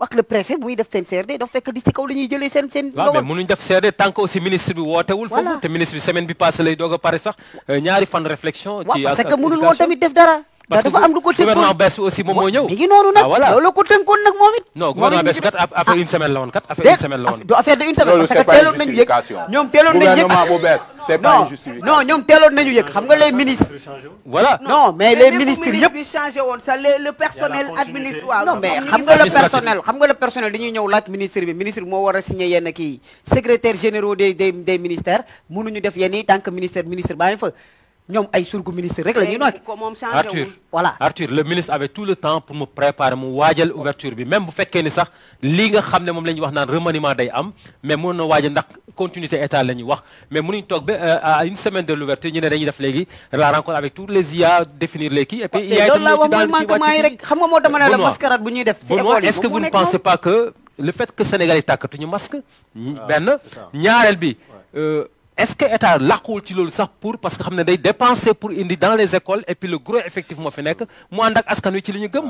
ak le préfet bu muy def sen CRD do fekk di ci kaw lañuy ñuy sen sen seen. waaw mais mënuñ def CRD tant que aussi ministre bi wootewul. voilà foofu te ministre bi semaine bi passé lay doga paré sax euh, ñaari fan réflexion. ci parce que mënul won tamit def dara. parce que dafa am lu ko tënkoon gouvernement bees bi aussi moom moo ñëw. mi noonu nag ah, loolu ko tënkoon nag moom non gouvernement bees bi woon kat affaire une semaine teeloon nañu yëg ñoom teeloon nañu yëg xam nga les ministres. voilà non mais les ministres yëpp. mais changé woon sax le personnel administratif. waaw non mais xam nga le personnel xam nga le personnel dañuy ñëw laaj ministre ministre moo war a signé yenn kii généraux des des des ministères mënuñu def yenn yi tant ministère ministre baa fa Arthur voilà Arthur le ministre avait tout le temps pour me préparer mon ouverture même vous faites ni sax ça? nga ne remaniement mais mon na continuité état mais euh, à une semaine de l'ouverture ñu ne dañuy la rencontre avec tous les IA définir les est-ce que vous ne pensez pas que le fait que Sénégal du masque ah, a est-ce que état làquwul ci loolu sax pour parce que xam ne day dépenser pour indi dans les écoles et puis le gros effectif moo fi nekk mu ànd ak askan wi ci li ñu gëm.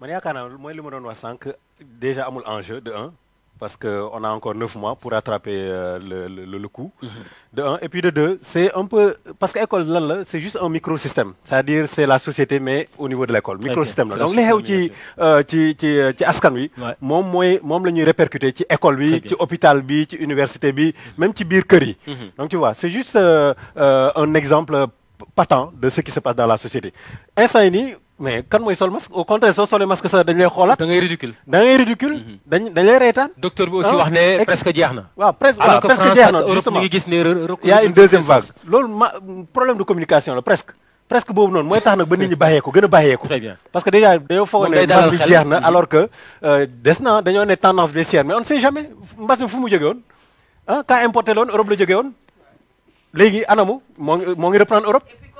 man yaakaar naa mooy li ma doon wax sànq déjà amul enjeu de un parce qu'on a encore 9 mois pour attraper euh, le, coup. Mhm. De Et puis de deux, c'est un peu. Parce que l'école, c'est juste un microsystème. C'est-à-dire, c'est la société, mais au niveau de l'école. Microsystème. Donc, les gens qui sont mom la répercuté répercuter ci école bi ci hôpital bi université même ci biir mhm. donc tu vois c'est juste euh, euh, un exemple patent de ce qui se passe dans la société mais quand moi sol masque au contraire soo solee masque ça dañ lay xoolaat. ridicule da ridicule. Mhm. dañ dañ docteur aussi ah, wax né presque jeex na. presque alors que France ak il y a une deuxième vague. loolu problème de communication presque. presque beaucoup non. Moi, tax nag ba nit ñi bàyyee ko gën très bien parce que déjà dañoo foog ne mbas bi mhm. alors que euh, desna na dañoo ne tendance baissière mais on ne sait jamais Parce que fu mu jógee woon ah cas importé la Europe le jógee woon léegi anamu mon ngi ngi reprendre Europe.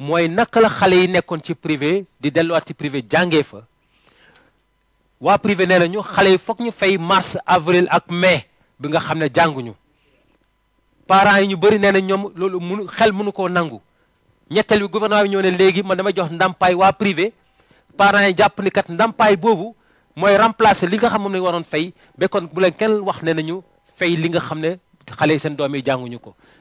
mooy naka la xale yi nekkoon ci privé di delluwaat ci privé jàngee fa waa privé nee ñu xale yi foog ñu fay mars avril ak mais bi nga xam ne jànguñu parents yi ñu bëri nee na ñoom loolu munu xel munu koo nangu ñetteel bi gouvernement bi ñoo ne léegi man damay jox ndàmpaay waa privé parents yi jàpp ni ndàmpaay boobu mooy remplacer li nga xam moom lañ waroon fay ba kon bu leen kenn wax ne nañu fay li nga xam ne xale yi seen doom yi jànguñu ko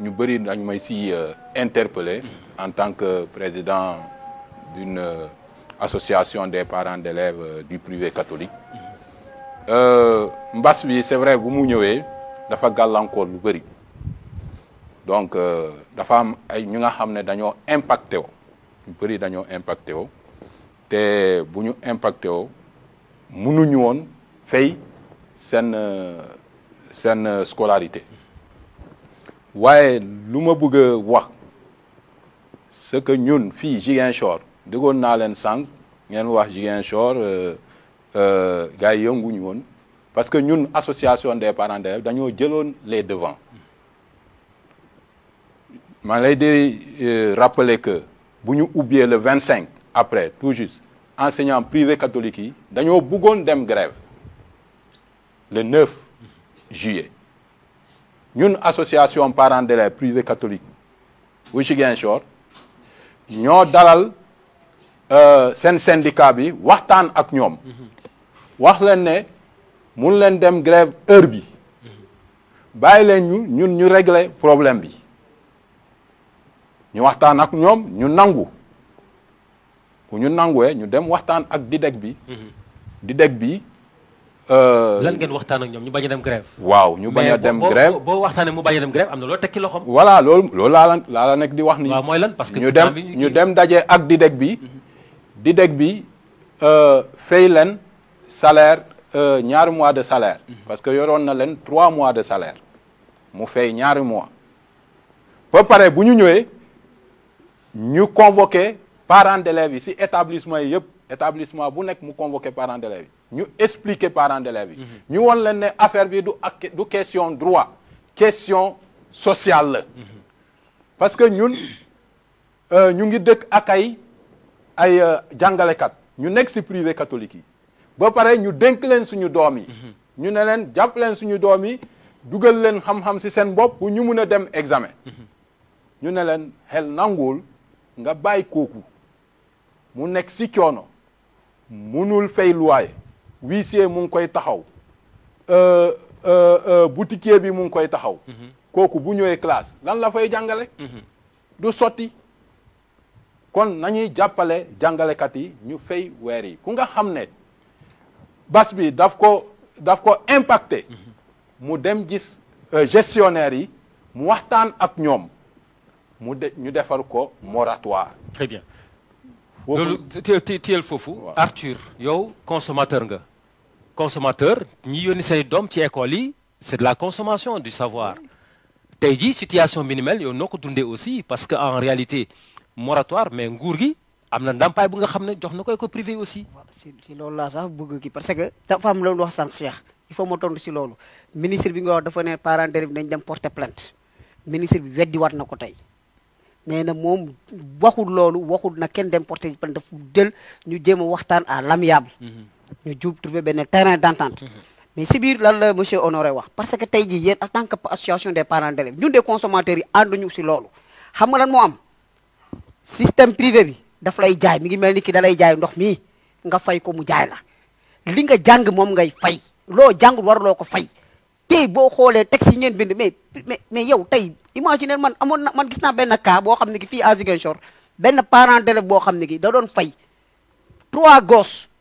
Nous avons été may euh, mm-hmm. en tant que président d'une euh, association des parents d'élèves euh, du privé catholique mm-hmm. mbas bi c'est vrai bu mu ñëwee dafa gàllankoor lu bëri donc dafa am ay ñu nga xam ont impacté wo ñu bëri impacté wo te bu impacté wo mënuñu woon fay scolarité oui, je ne bëgg pas ce que ñun fait, Chor, déggoon nous leen sànq ngeen wax avons euh, euh, gars yi yënguñu parce que nous, l'association des parents d'élèves nous pris les devants Je lay euh, rappeler que si nous oublions le 25, après tout juste enseignants privés catholiques nous avons fait dem grève le 9 juillet ñun association parents d'élèves privé catholique bu Ziguinchor ñoo dalal euh, sen syndicat bi waxtaan ak ñoom wax leen ne mun leen dem grève heure bi bay leen ñu ñun ñu régler problème bi ñu waxtaan ak ñom ñu nangu bu ñu nangué ñu dem waxtaan ak dideg bi mmh. dideg bi Euh, lan ngeen waxtaan ak ñoom ñu bañ dem grève. waaw ñu bañ dem grève boo waxtaanee mu bañ a dem grève am na loo tekki loxoom. voilà loolu loolu laa la laa nekk di wax. ni waaw mooy lan parce que ñu dem ñu dem daje ak di deg bi. Mhm. di deg bi euh, fay leen salaire euh, ñaari mois de salaire. Mhm. parce que yoroon na leen trois mois de salaire mu fay ñaari mois. ba pare bu ñu ñëwee ñu convoqué parents d'élèves yi si établissement yi yëpp établissement bu nekk mu convoqué parents d'élèves yi. expliquons expliquer parents de la vie. Nous avons affaire bi du question droit question sociale parce que nous, euh, nous ngi sommes ak ay ay euh, jàngalekat ñu nekk ci catholique Nous sommes pare nous catholiques. Nous suñu ñu nous leen suñu leen xam-xam ci examen nous ne leen xel nanguwul Nous sommes huissier mu ngi koy taxaw euh, euh, euh, boutiquier bi mu ngi taxaw mhm. koku bu ñëwee classe lan la fay jàngale mhm. du soti kon nañuy jàngalé kat yi ñu fay wéri ku nga xamné bas bi daf ko daf ko impacté mhm. mu dem gis gestionnaire yi mu waxtaan ak ñoom mu ñu ko moratoire très bien loolu fofu. foofu Arthur yow consommateur nga consommateur ñi yónni say doom ci école yi c'est de la consommation du savoir tey jii situation minimale yow noo ko dundee aussi parce que en réalité moratoire mais nguur gi am na ndàmpaay bu nga xam ne jox na ko école aussi. si si loolu laa sax bëgg ki parce que dafa am loolu wax sànq Cheikh il faut ma tontu si loolu ministre bi nga wax dafa ne parents d'élèves bi nañ dem porter plainte ministre bi weddiwaat na ko tey. nee na moom waxul loolu waxul na kenn dem porter plainte dafa jël ñu jéem a waxtaan à l'amiable. Mhm. ñu jub trouver benn terrain d'entente mais si biir lan la monsieur Honoré wax parce que tey jii yéen en tant que association des parents d'élèves ñun des consommateurs yi ànduñu si loolu xam nga lan moo am système privé bi daf lay jaay mi ngi mel ni ki da lay jaay ndox mi nga fay ko mu jaay la li nga jàng moom ngay fay loo jàngul waruloo ko fay tey boo xoolee texte yi ngeen bind mais mais mais yow tey imaginer man amoon na man gis naa benn cas boo xam ne ki fii à Ziguinchor benn parent d'élève boo xam ne ki da doon fay trois gosses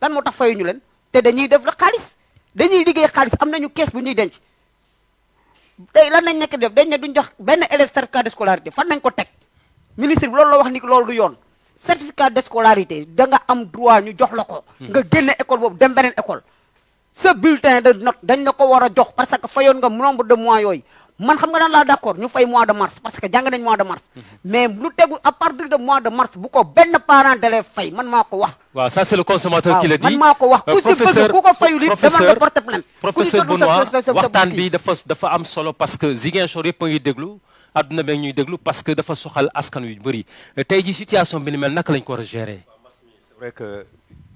lan moo tax fayuñu leen te dañuy def la xaalis dañuy liggéey xaalis am nañu kees bu ñuy denc tey lan nañ nekk def dañ ne duñ jox benn élève certificat de scolarité fan nañ ko teg ministre bi loolu la wax ni loolu du yoon certificat de scolarité da nga am droit ñu jox la ko hmm. nga génne école boobu dem beneen école sa bulletin de note dañ la ko war a jox parce que fayoon nga nombre de mois yooyu man xam nga daan laa d'accord ñu fay mois de mars parce que jàng nañ mois de mars mm-hmm. mais lu tegu à partir de mois de mars bu ko benn parent de l'élève fay man maa ko wax waaw ça c'est le consommateur qui le dit man maa ko wax euh, ku si bëgg ku ko fayu li demal nga porte plainte professeur Benoît waxtaan bi dafa dafa am solo parce que Ziguinchor yëpp a ngi déglu àdduna bi ñuy déglu parce que dafa soxal askan wi bëri euh, tey ji situation bi ni mel naka lañ ko war a gérer c'est vrai que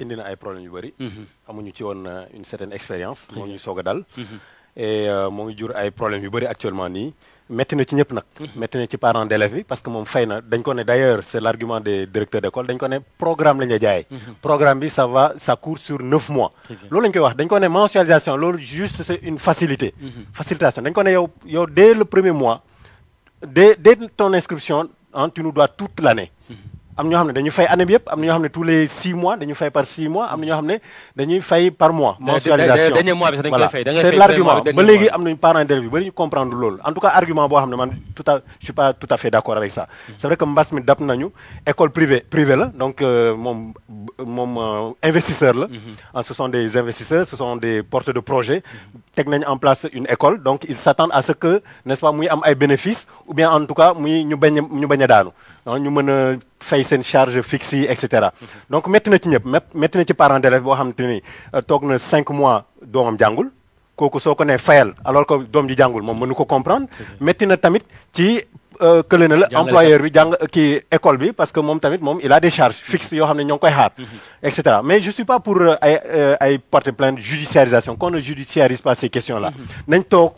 indi na ay problèmes yu bëri mm-hmm. amuñu ci woon euh, une certaine expérience moo ñu soog a dal mm-hmm et jour euh, ngi jur ay problèmes yu actuellement ni métti na ci ñëpp nag mhm. na parents d'élèves parce que mon fay na dañ ko d'ailleurs c'est l'argument des directeurs d'école dañ ko programme Le jaay mhm. programme bi ça va ça court sur 9 mois loolu lañ koy wax dañ ko mensualisation loolu juste c'est une facilité mhm. facilitation dañ ko ne yow dès le premier mois dès dès ton inscription hein, tu nous dois toute l'année am avons fait année bi tous les six mois dañu fay par six mois am na par mois, dañuy fay par mois mensualisation voilà c'est l'argument ba léegi am un parents d'élèves yu ñu comprendre l'eau. en tout cas argument je ne tout à je suis pas tout à fait d'accord avec ça mm-hmm. c'est vrai que mbass mi dab nañu école privée privée là donc euh, mon euh, investisseur mm-hmm. ah, ce sont des investisseurs ce sont des porteurs de projets. teg en place une école donc ils s'attendent à ce que n'est-ce pas muy am bénéfices ou bien en tout cas muy ñu des ñu ñu mëna fay seen charge fixe yi et cetera donc metti na ci ñep metti na ci parents d'élèves bo xamante ni euh, toog na 5 mois doomam jàngul kooku soo ko nee fayal alors que dom ji jangul mom mënu ko comprendre metti na tamit ci euh, que l'employeur qui employeur école parce que tamit il a des charges fixes yo ne koy xaar mhm. mais je suis pas pour euh, euh, ay porter plainte judiciarisation qu'on ne judiciarise pas ces questions là mhm. nañ tok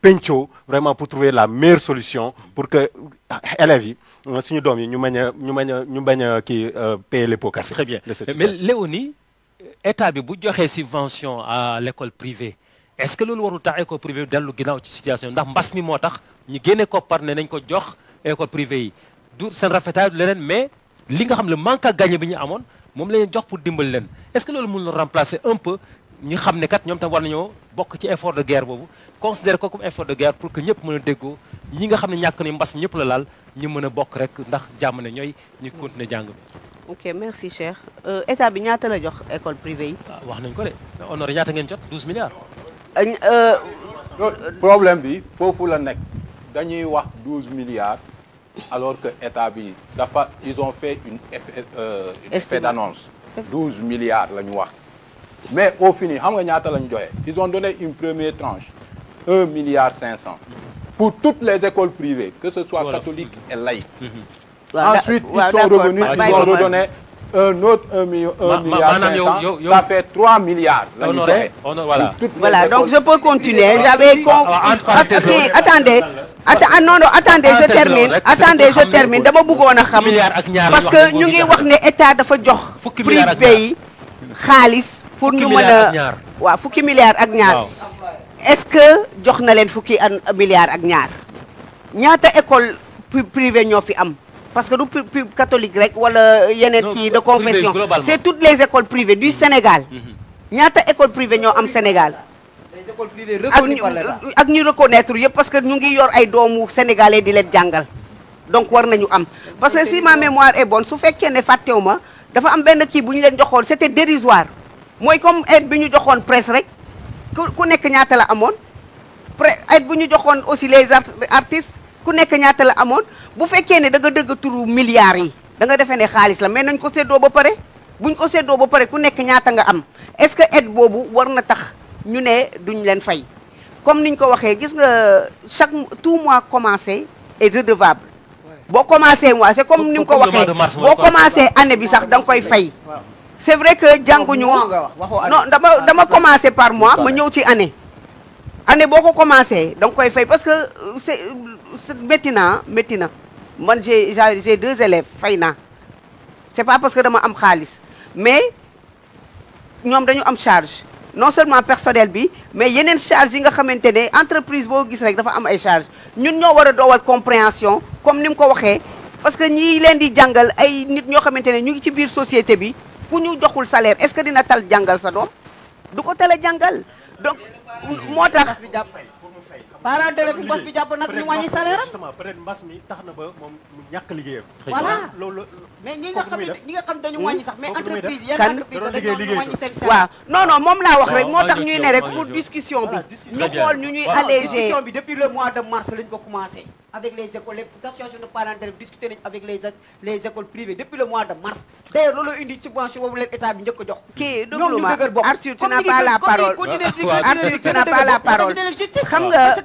pencho mhm. vraiment pour trouver la meilleure solution pour que élèves la suñu nous yi ñu mañ ñu bañ payer les pots cassés très bien mais Léonie état bi bu des subvention à l'école privée est-ce que l'on warul de l'école privée dans une situation ndax ñu génne koppar ne nañ ko jox école privée yi du seen rafetaay du leneen mais li nga xam le manque à gagner bi ñu amoon moom la ñu jox pour dimbali leen est-ce que loolu mën na remplacer un peu ñi xam ne kat ñoom tam war nañoo bokk ci effort de guerre boobu considérer ko comme effort de guerre pour que ñëpp mën a déggoo ñi nga xam ne ñàkk nañu mbas ñëpp la laal ñu mën a bokk rek ndax jàmm ne ñooy ñu continuer jàng bi ok merci cher euh, état bi ñaata la jox école privée yi ah, wax nañ ko de honor ñaata ngeen jot 12 milliards euh, euh, problème bi foofu la nekk 12 milliards alors que état bi ils ont fait une effet euh, d'annonce 12 milliards la mais au fini ils ont donné une première tranche 1 milliard 500 pour toutes les écoles privées que ce soit catholique et laïque mhm. ensuite ils sont revenus ils ont redonné un autre milliard ça fait 3 milliards. voilà, donc je peux continuer. J'avais ah, attendez, ah, attendez je termine attendez je termine parce que nous ngi wax état dafa jox pays, pour est-ce que jox na leen milliard milliards école privée parce que du pub catholique rek wala yeneen qui de confession c'est toutes les écoles privées du Sénégal a mm-hmm. ñaata école privée non am Sénégal les écoles privées reconnues par reconnaître parce que ñu ngi yor ay doomu sénégalais di leen jàngal donc war nañu am parce que si ma mémoire est bonne su fekkee ne est ma dafa am benn kii qui ñu leen joxoon c'était dérisoire Moi, comme aide bi ñu joxoon presse rek ku nekk ñaata la amoon presse aide bu ñu aussi les artistes ku nekk ñaata la amoon bu fekkee ne da nga dëgg turu milliards yi da nga defee ne xaalis la mais nañ ko séddoo ba pare buñ ko séddoo ba paré ku nek ñaata nga am est-ce que aide bobu war na tax ñu né duñ leen fay comme niñ ko waxé gis nga chaque tout mois commencé est redevable bo commencé mois c'est comme niñ ko waxé bo commencé année bi sax da nga koy fay c'est vrai que ñu non dama dama commencé par mois ma ñëw ci année année boo ko commencé da koy fay parce que euh, c'est euh, metina metina man j'ai j'ai deux élèves fayna c'est pas parce que dama am khalis mais ñom dañu am charge non seulement personnel bi mais yenen charge yi nga xamantene entreprise bo gis rek dafa am ay charge ñun ñoo wara a compréhension comme ni ko waxé parce que ñi leen di jàngal ay nit ño xamantene ñu ngi ci biir société bi ku ñu joxul salaire est-ce que dina tal jàngal sa doom du ko tal a jàngal donc moo tax. parentele bu bass bi japp nak ñu wañi salaire am justement peut être mbas mi taxna ba mom mu ñàkk liggéeyam voilà mais ñi nga xam ñi nga xam dañu wañi sax mais entreprise yenn entreprise dañu wàññi seen salaire waaw non non mom la wax rek motax ñuy né rek pour discussion bi ñu xol ñu ñuy alléger discussion bi depuis le mois de mars lañ ko commencé avec les écoles les associations de parents d'élèves discuté avec les les écoles privées depuis le mois de mars d'ailleurs loolu indi subvention bobu leen état bi ñëk a jox kii déglu ma Arthur tu n'as pas la parole Arthur tu n'as pas la parole xam nga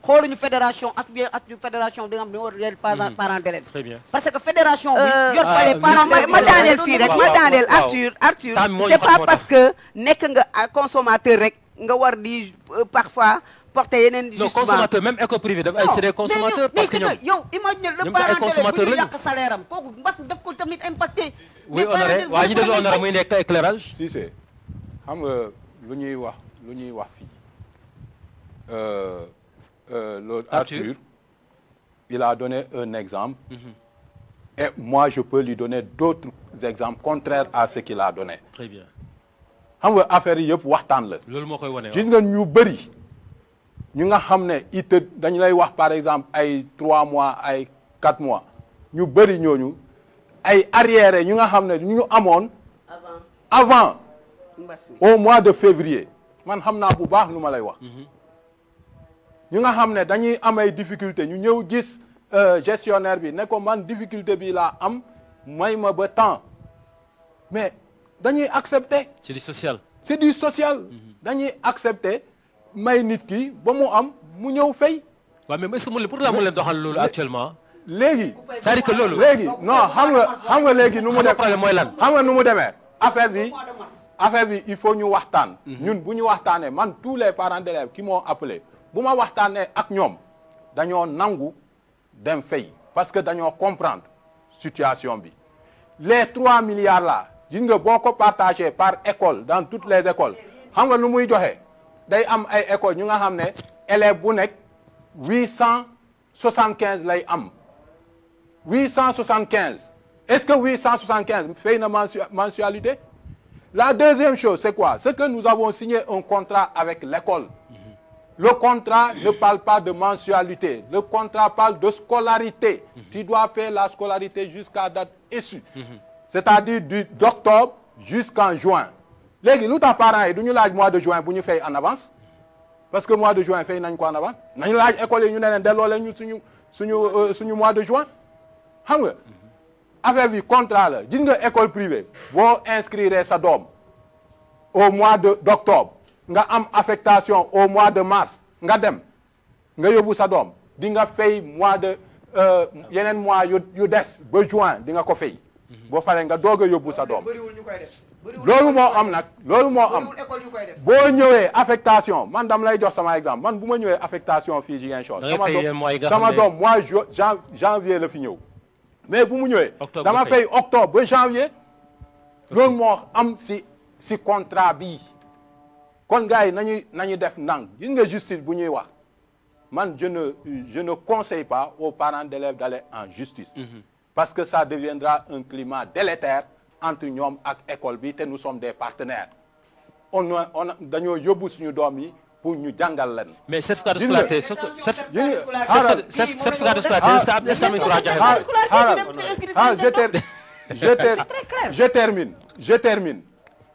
xooluñu fédération ak fédération bi nga xam ne war leen mhm. parents parce que fédération bi euh, yor pale euh, parents ma daaneel fii rek ma daaneel Arthur Arthur c'est pas parce que nekk nga consommateur rek nga war di euh, parfois porter yeneen justement non consommateur même éco privé c'est des consommateurs parce que ñoom yow imagine le parent d'élève bu ñu yàq salaire am kooku mbas daf ko tamit impacté oui honoré waaw ñu def honoré muy nekk éclairage si c'est xam nga lu ñuy wax lu ñuy wax fii euh, ah, Arthur. il a donné un exemple. Mhm. Et moi, je peux lui donner d'autres exemples contraires à ce qu'il a donné. Très bien. affaire waxtane la. par exemple ay 3 mois ay 4 mois ñu ñooñu ay arrière ñu nga avant avant. au mois de février man bu baax nous nga des difficultés. Nous des difficultés. difficulté avons ñëw gis euh, gestionnaire bi ne temps mais dañuy accepter. c'est du social. c'est du social. Mhm. dañuy accepter am mais est-ce que le la actuellement. cest dire que non xam nga xam nga problème affaire il faut nous mhm. Nous bu man tous les parents d'élèves qui m'ont appelé buma waxtane ak ñom dañoo nangu dem fay parce que dañoo comprendre situation les 3 milliards là gis nga boko par école dans toutes les écoles xam nga lu muy joxe day am ay école ñu nga est-ce que 875 fait une mensualité la deuxième chose c'est quoi c'est que nous avons signé un contrat avec l'école le contrat ne parle pas de mensualité. Le contrat parle de scolarité. Mhm. Tu dois faire la scolarité jusqu'à date issue. Mhm. C'est-à-dire d'octobre jusqu'en juin. Les gens parents, nous avons mois de juin pour nous faire en avance. Parce que le mois de juin, fait quoi en avance. Nous avons école, nous avons le mois de juin. Avec le mhm. contrat, dis école privée, vous inscrirez sa dôme au mois d'octobre nga am affectation au mois de mars nga dem nga yóbbu sa dom di nga fay mois de euh, yenen mois yu yu des ba juin di nga ko fay bo faree nga doga a sa dom loolu mo am nak loolu mo am bo ñëwee affectation man dam lay jox sama exemple man buma ma affectation affectation fii Ziguinchor sama dom mois janvier la fi ñëw mais bu mu dama fay octobre ba janvier loolu moo am ci ci contrat bii kon gars yi nañuy def nang, gis justice bu ñuy wax man je ne je ne conseille pas aux parents d'élèves d'aller en justice mhm. parce que ça deviendra un climat délétère entre ñoom ak école bi te nous sommes des partenaires on on dañoo yóbbu suñu doom yi pour ñu jàngal leen. mais certificat de scolarité certificat de scolarité c'est ce que am nañu droit joxe. je termine je termine je termine.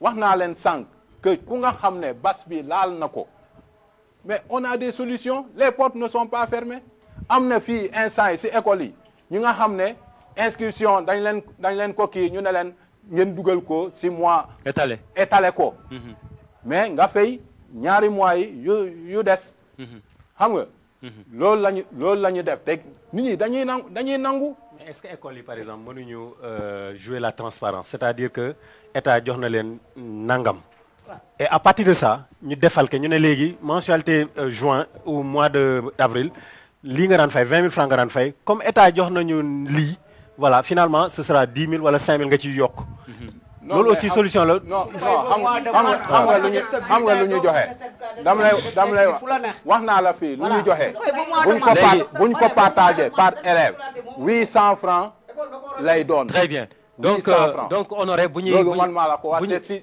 wax naa leen sànq que ku nga xam ne bas bi laal na mais on a des solutions les portes ne sont pas fermées am fi fii instant yi si école yi nga inscription dañ leen dañ leen ko kii ñu ne leen ngeen dugal ko si mois étalé étalé ko mhm. mais nga fay ñaari mois yu yu des mhm. xam nga c'est ce fait. Est-ce que l'école, par exemple, peut jouer la transparence C'est-à-dire que l'État a donné Et à partir de ça, nous avons fait que nous mensualité euh, juin ou mois d'avril, 20 000 francs Comme l'État a donné de voilà, finalement, ce sera 10 000 ou 5 000 que lolu aussi solution la. non xam nga xam nga xam dam lay dam lay wax la fi luñu joxé buñ ko buñ ko partagé par élève. 800 francs lay doon. très bien donc euh, donc on aurait. ñuy loolu man la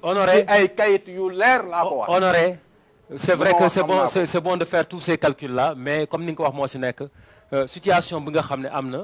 On aurait. ay kayit yu leer la ko wax. honoré c'est vrai que c'est bon c'est bon de faire tous ces calculs là mais comme ni ko wax mo si nek euh, situation bi nga xamné amna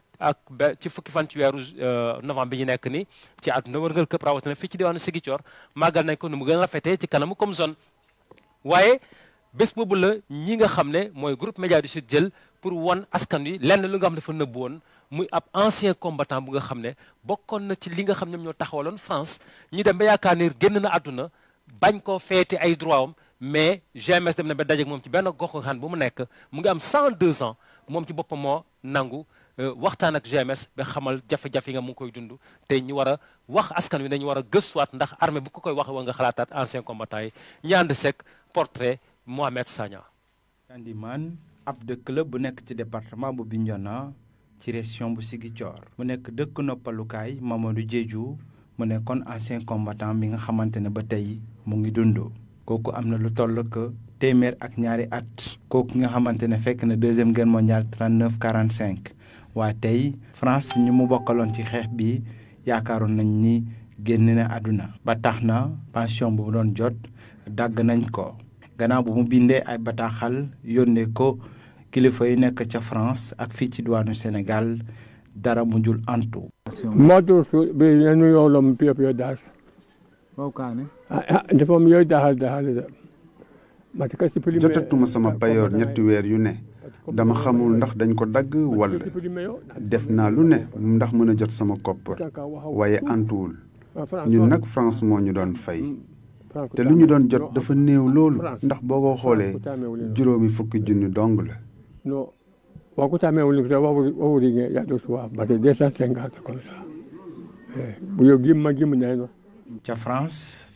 ak ci fukki fan ci weeru euh, novembre bi ñu nekk ni ci aduna àdduna wërngal këpp na fi ci diwaanu Sigicoor magal nañ ko nu mu gën a ci kanamu comme zone wayé bés boobu la ñi nga xamné moy groupe média du sud jël pour won askan wi lenn lu nga xam ne dafa nëbb woon muy ab ancien combattant bu nga xamné bokkon na ci li nga xam ñoo taxawaloon France ñu dem ba yaakaar ni na aduna bañ ko fété ay droit am mais GMS dem na ba dajeeg mom ci ben gox xan bu mu nekk mu ngi am 102 ans mom ci bopam mo nangou Euh, waxtaan ak GMS ba xamal jafe-jafe jundu, nga mu koy dund te ñu war wax askan wi dañu war a gëstuwaat ndax armée bu ko koy wax wa nga xalaataat ancien combattant yi ñi ànd portrait Mohamed Sagna. Kandiman ab dëkk la bu nekk ci département bu Bignona ci région bu Ziguinchor. mu nekk dëkk noppalukaay Mamadou Diédhiou mu nekkoon ancien combattant bi nga xamante ba tey mu ngi dund. kooku lu toll ak ñaari at. kooku nga xamante ne fekk na deuxième guerre mondiale 39 45. waaye tey France ñu mu bokkaloon ci xeex bi yaakaaroon nañ ni génn na àdduna ba tax na pension bu mu doon jot dagg nañ ko gannaaw bu mu bindee ay bataaxal yónnee ko kilifa yu nekk ca France ak fii ci diwaanu Sénégal dara mujjul antu. Matur su bi yenu yoolam yo daas dafa jotatuma sama payoor ñetti weer yu ne dama xamul ndax dañ ko dagg walla def naa lu ne ndax mën a jot sama koppar waaye àntuwul ñun nag France moo ñu doon fay te lu ñu doon jot dafa néew loolu ndax boo ko xoolee juróomi fukki junni dong la. ko tàmmee wu ñu ko waxu waxu di eh, ca France.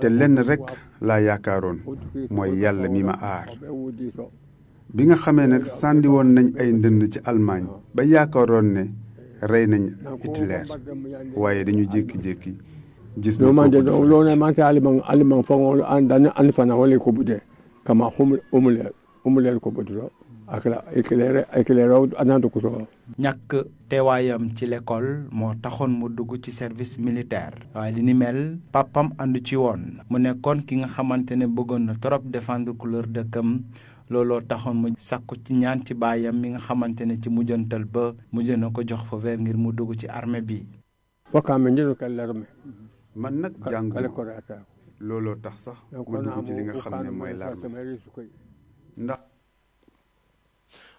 te lenn rek laa yaakaaroon mooy yàlla mi ma aar bi nga xamee nag sandi woon nañ ay ndënd ci allemagne ba yaakaaroon ne rey nañ hitler waaye dañu jékki-jékki gis na loolu nag manqué allemagne allemagne foog nga dañu and fa wala ko buddee kama xumu umu leer umu leer ko buddee ak la éclaire éclaire anantu ko ñàkk teewaayam ci lekkool moo taxoon mu dugg ci service militaire waaye li ni mel papam ànd ci woon mu nekkoon ki nga xamante ne bëggoon na trop défendre couleur dëkkam looloo taxoon mu sàkku ci ñaan ci baayam mi nga xamante ne ci mujjantal ba mu na ko jox fa weer ngir mu dugg ci armée bi wakkaame njëriñ ka l'armée man nag jàng looloo tax sax mu dugg ci li nga xam ne mooy l'armée ndax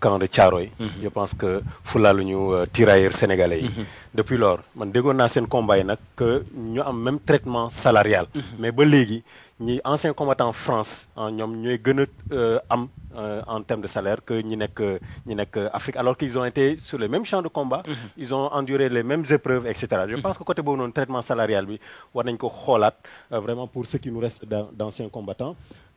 camp de Thiaroye mhm. je pense que fulaalu ñu euh, tirailleurs sénégalais mhm. depuis lors man déggoon naa seen combat yi nag que ñu am même traitement salarial mhm. mais ba nous ñi anciens combattants en France nous ah, ñooy gën a euh, am euh, en termes de salaire que ñi nekk ñi nekk Afrique alors qu'ils ont été sur le même champ de combat mm -hmm. ils ont enduré les mêmes épreuves etc je mm-hmm. pense que côté bon, noonu traitement salarial bi war nañ ko xoolaat euh, vraiment pour ceux qui nous restent d'anciens combattants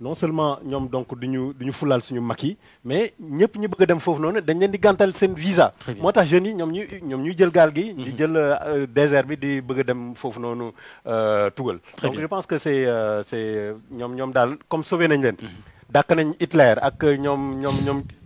non seulement ñoom donc duñu duñu fulaal suñu mag mais nous ñu bëgg a dem foofu noonu dañ leen di gàntal visa moi tax jeunes nous ñoom nous ñoom ñuy jël gaal gi di mm-hmm. jël euh, désert bi di bëgg euh, donc je pense que c'est c'est nous ñoom daal comme sauver nañ leen mm-hmm d'accord Hitler ak ñoom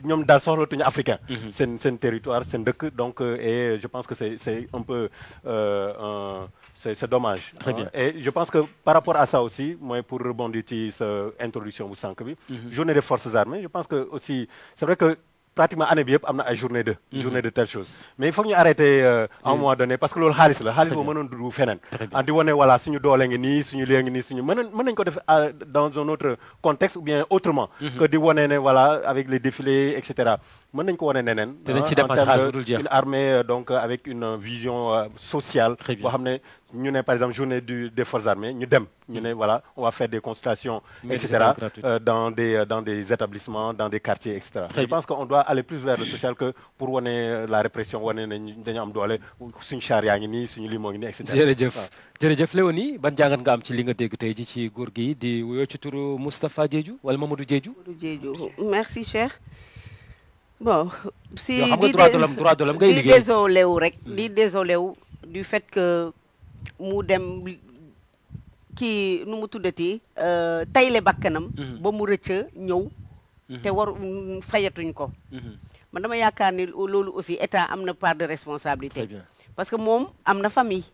ñoom C'est un africain c'est mhm. un territoire c'est un donc euh, et je pense que c'est un peu euh, c'est c'est dommage Très euh, bien. et je pense que par rapport à ça aussi moi pour rebondir sur l'introduction, introduction vous cinq, bi mhm. journée des forces armées je pense que aussi c'est vrai que pratiquement année bi amna ay journée de mhm. journée de telle chose mais il faut ñu arrêter euh, à un moment donné parce que lool xaalis la xaalis boo mënoon dugg feneen ah di woné voilà suñu doole ngi ni suñu lée ni suñu mën mën nañu ko def euh, dans un autre contexte ou bien autrement mhm. que di woné né voilà avec les défilés et cetera mën nañ ko wane neneen te dañ si ah, dépassage bu dul jeex une armée euh, donc euh, avec une euh, vision sociale boo xam ne ñu ne par exemple journée du des forces armées ñu dem ñu ne mm-hmm. voilà on va faire des consultations et cetera dans des dans des établissements dans des quartiers et cetera je pense que on doit aller plus vers le social que pour wane la répression wane nañ dañu am doole suñ char yaa ngi nii suñu lii ngi nii et cetera jërëjëf jërëjëf Léonie ban jàngat nga am ci li nga dégg tey ji ci góor gi di wuyoo ci turu Moustapha Diédhiou wala Mamadou Diédhiou Mamadou Diédhiou merci cher bon si di désolé wu rek di désolé wu du fait que mu dem ki nu mu tuddati euh, tayle bakkanam mhm. ba mu rëcca ñew mhm. té war fayatuñ ko mhm. man dama yaakaar ni aussi état amna part de responsabilité parce que mom amna famille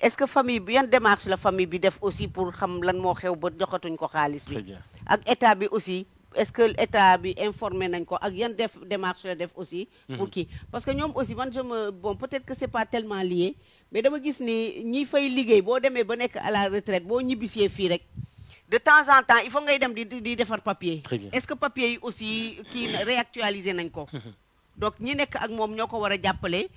est-ce que famille bi démarche la famille bi def aussi pour xam lan mo xew ba joxatuñ ko xaliss bi ak état bi aussi est-ce que l'État a informé Il y a une démarche aussi mhm. pour qui Parce que nous aussi, je me, bon, peut-être que ce n'est pas tellement lié, mais je me dis que nous faisons liguer, à la retraite, si retraite, de temps en temps, il faut que nous faire papier. Est-ce que papier aussi qui réactualisés mhm. Donc, nous sommes avec nous, devons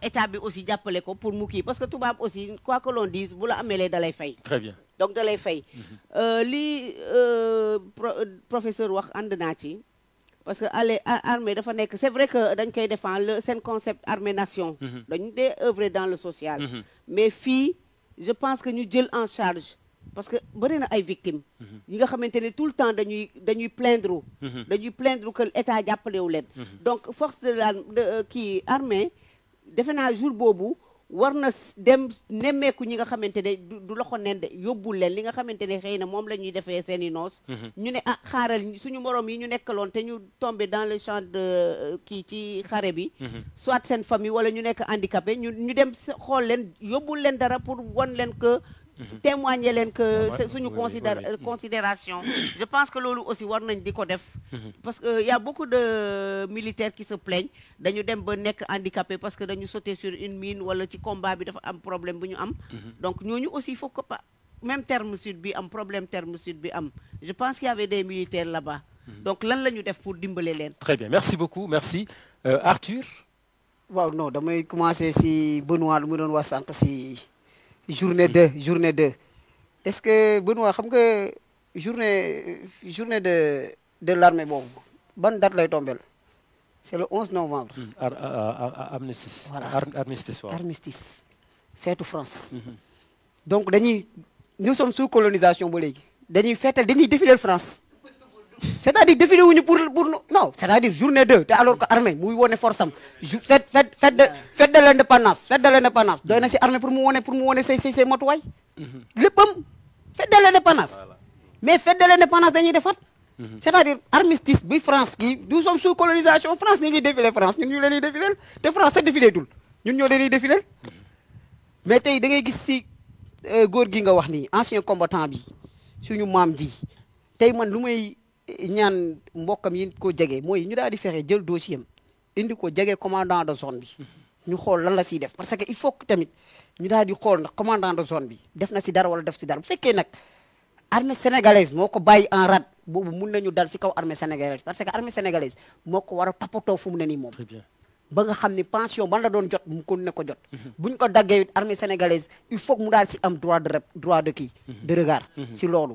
état aussi jappelé ko pour nous. parce que tout monde aussi quoi que l'on dise bu la dans les fay très bien donc da lay fay. Mhm. Euh, li euh, euh, professeur wax ànd ci. parce que allez armée dafa nek c'est vrai que dañ koy défendre le concept armée nation. Mhm. dañ dé œuvrer dans le social. Mhm. mais filles, je pense que ñu jël en charge. parce que bëri na ay victimes. ñi nga tout le temps dañuy dañuy plaindre. dañuy plaindre que l'État appelé wu len donc force de la qui armée defe un jour bobu war na dem nemmeeku ñi nga xamante ne du loxo nen de yóbbul leen li nga xamante ne xëy na moom la ñuy defee seen i noos mhm. ñu ne ah xaaral suñu moroom yi ñu nekkaloon te ñu tombé dans le champ de euh, kii ci xare bi mhm. soit seen famille wala ñu nekk handicapé ñu ñu dem xool leen yóbbul leen dara pour won leen que Mhm. témoigner leen que c'est une euh, mhm. considération je pense que nous aussi on nañ di mhm. parce que euh, y a beaucoup de euh, militaires qui se plaignent dañu dem ba handicapé parce que dañu sauter sur une mine ou wala petit combat bi dafa un problème donc nous aussi il faut que même terme sud bi un problème terme sud bi am je pense qu'il y avait des militaires là-bas donc lan nous ñu def pour dimbale très bien merci beaucoup merci Arthur waaw non damay commencer si Benoît lu mu doon si journée 2 journée 2 est-ce que Benoît xam que journée journée de de l'armée bonne bonne date lay tombée c'est le 11 novembre. Hmm, armistice. armistice Fête France. Hmm, hmm. donc nous sommes sous colonisation ba légui dañuy nous dañuy défiler France. c'est-à-dire défilé wuñu pour pour non c'est-à-dire journée 2 te alors que armée muy wone force am jour fête fête fête de fête de l'indépendance fête de l'indépendance doy na si armée pour mu wone pour mu wone say say say motuwaay. Mhm. léppam fête de l'indépendance. mais fête de l'indépendance dañuy defat mhm. c'est-à-dire armistice bi France kii nous sommes sous colonisation France ñu ngi défilé France ñun ñu leen di défilé te France sa défilé dul ñun ñoo leen di défilé mhm. mais tey da ngay gis si euh, góor gi nga wax nii ancien combattant bi suñu maam ji tey man lu may. ñaan mbokam yi ko jege moy ñu daal di fexe jël dossier am indi ko jege commandant de zone bi. ñu xol lan la ci def parce que il faut que tamit ñu daal di xool ndax commandant de zone bi def na ci dara wala def ci dara féké nak armée sénégalaise moko bayyi en rade boobu mun nañu dal ci kaw armée sénégalaise parce que armée sénégalaise moko wara war fu mu né ni mom très bien ba nga ne pension ban la doon jot mu ko ne ko jot. Mhm. buñ ko daggee armée sénégalaise il faut mu daal si am droit de droit de qui mhm. de regard ci mhm. lolu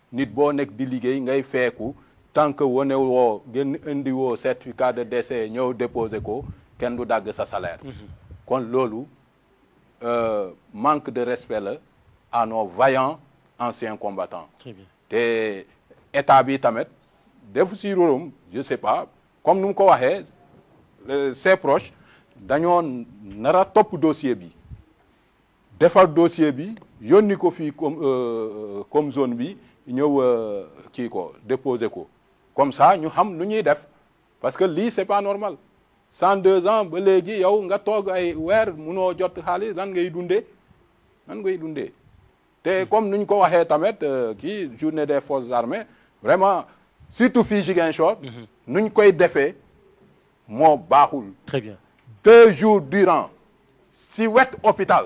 nit bonnet nek di liggéey ngay feeku tant que woné wo genn indi wo certificat de décès ñeu déposé ko kenn du dagg sa salaire mhm. kon euh, manque de respect à nos vaillants anciens combattants et état bi des def je sais pas comme nous mu euh, ses proches d'ailleurs n'aura top dossier bi defar dossier bi yónni ko fii comme euh, comme zone bi nous euh, kii ko déposer ko comme ça ñu xam lu ñuy def parce que li c'est pas normal 102 ans ba légui yow nga toog ay weer munoo jot xaalis lan ngay dundé lan ngay dundé té comme nous ko waxé tamet euh, ki journée des forces armées vraiment surtout fii Ziguinchor. Mhm. nu ñu koy défé mo baxul très bien deux jours durant si wet hôpital.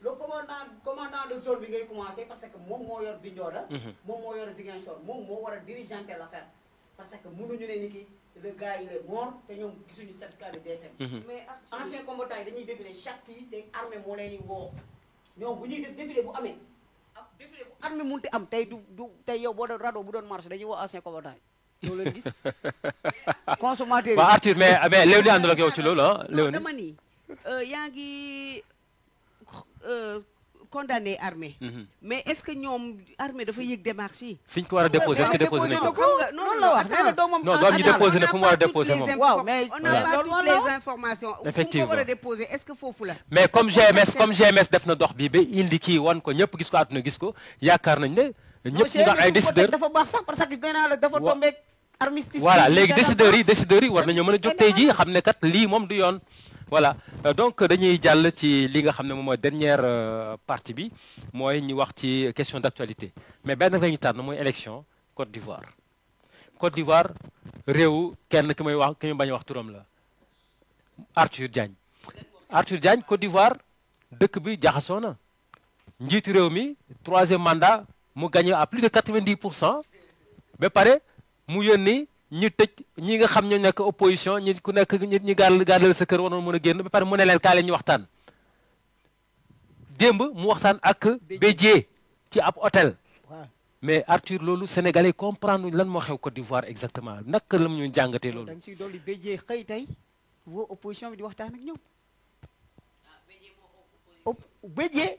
le commandant commandant de zone bi ngay commencé parce que moom moo yor Bignona. Mhm. moom moo yor Ziguinchor moom moo war a dirigeante l'affaire parce que mënuñu ne ni ki le gars il est mort te ñoom gisuñu certificat de décès. Mhm. mais ancien combattant yi dañuy défilé chaque kii te armée moo leen di woo ñoom bu ñuy def bu amee ah défilé bu armée mënut am tey yow boo doon rado bu doon marché dañuy woo ancien combattant yi. doo leen gis consommateur mais mais Léonie àndul ak yow ci loolu ah, Euh, condamné armée. Mm-hmm. mais est-ce que ñom armée dafa yëg démarche yi. fi ko wara déposer est-ce que déposer nañu ko. non la wax nee doomam. non doom ñi déposer na fu mu war a déposé waaw mais on a toutes les informations. effectivement fu mu war est-ce que foofu la. mais comme GMS comme GMS def na dox bi be indi ki won ko ñepp gis ko atuna gis ko yakar nañ ne. ñepp ñu daan ay décideur dafa bax sax parce que nee naa la dafa tomber armistice. voilà léegi décideurs yi décideurs yi war nañoo mën a jóg tey jii kat li mom du yone voilà euh, donc dañuy jàll ci li nga dernière euh, partie bi mooy ñu wax ci question d'actualité mais benn la ñu tànn mooy élection Côte d'Ivoire Côte d'Ivoire Réou, kenn ki may wax ki may bañ wax la Arthur Diagne Arthur Diagne Côte d'Ivoire de bi jaxasoo na njiitu troisième mandat mu gagné à plus de 90 Mais pareil, ba pare mu eu... ñu tëj ñi nga xam ñu nekk opposition ñi ku nekk ñi ñi gàll gàllal sa kër waroon mën a génn ba pare mu ne leen kaa waxtaan démb mu waxtaan ak Bédié ci ab hôtel mais Arthur loolu sénégalais comprendre lan moo xew Côte d'Ivoire exactement naka la ñu jàngatee loolu. dañ siy dolli Bédié xëy tey woo opposition bi di waxtaan ak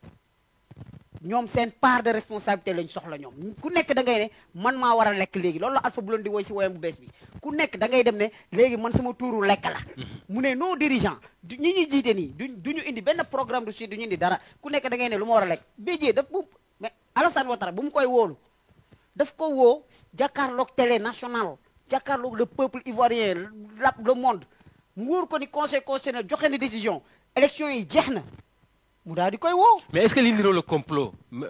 ñoom seen part de responsabilité lañ soxla ñoom ku nekk da ngay ne man maa war a lekk loolu Alpha Blondy di woy si woyam bu bees bi ku nekk da ngay dem ne léegi man sama tuuru lekk la mhm. mu ne nos dirigeants ñi ñuy jiite nii duñ duñu indi benn programme de suite duñu indi dara ku nekk da ngay ne lu ma war a lekk daf bu mais Alassane Ouattara bu mu koy woolu daf ko woo jàkkaarloog télé national jàkkaarloog le peuple ivoirien la le monde mu ko ni conseil constitutionnel joxe na décision élection yi jeex mais est-ce que li le complot euh,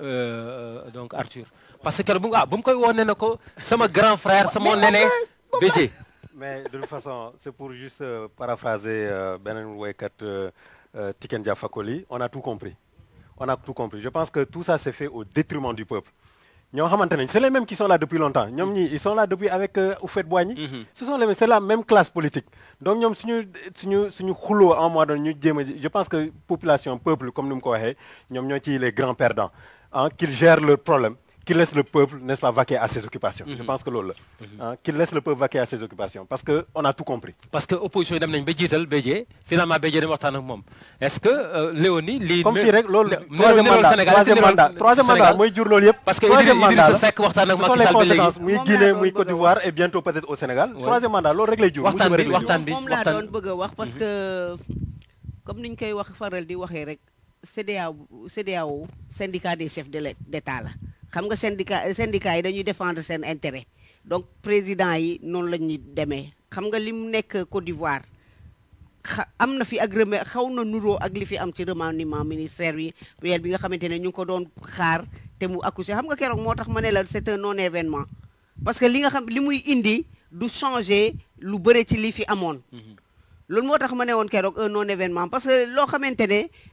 euh, donc Arthur parce que c'est ah grand frère mon nene Bété. mais de toute façon c'est pour juste euh, paraphraser beneen Wekat, Tiken Fakoli. on a tout compris on a tout compris je pense que tout ça s'est fait au détriment du peuple c'est les mêmes qui sont là depuis longtemps ils sont là depuis avec euh, Oufet boigny mm-hmm. ce sont les mêmes c'est la même classe politique donc si nous suñu en mode, je pense que la population le peuple comme nous le ko nous sont les grands perdants hein, qu'ils gèrent leurs problèmes qui laisse le peuple, n'est-ce pas, vaquer à ses occupations. Mm -hmm. Je mhm. pense que loolu mhm. hein, qui laisse le peuple vaquer à ses occupations parce que on a tout compris. parce que opposition yi dem nañ Béjé. finalement Béjé dem waxtaan ak moom est-ce que euh, Léonie lii. comme si, rek loolu. troisième mandat troisième mandat troisième mandat mooy jur loolu parce que Idrissa Seck waxtaan ak Macky Sall ba ce sont les conséquences Guinée muy Côte d'Ivoire et bientôt peut-être au Sénégal. troisième mandat loolu rek lay jur. waxtaan bi waxtaan parce mhm. que comme niñ koy wax faral di waxee rek CEDEAO CEDEAO syndicat des chefs de l'État xam nga syndicat syndicat yi dañuy défendre seen intérêt donc président yi noonu la ñuy demee xam nga lim nekk Côte d'Ivoire am na fi ak reme xaw na nuroo ak li fi am ci remaniement ministère yi bi nga xamante ne ñu ko doon xaar te mu accusé. xam nga keroog moo tax ma ne la c'est un non événement parce que li nga xam li muy indi du changer lu bëre ci li fi amoon mm-hmm. loolu moo tax ma ne woon keroog un non événement parce que loo xamante ne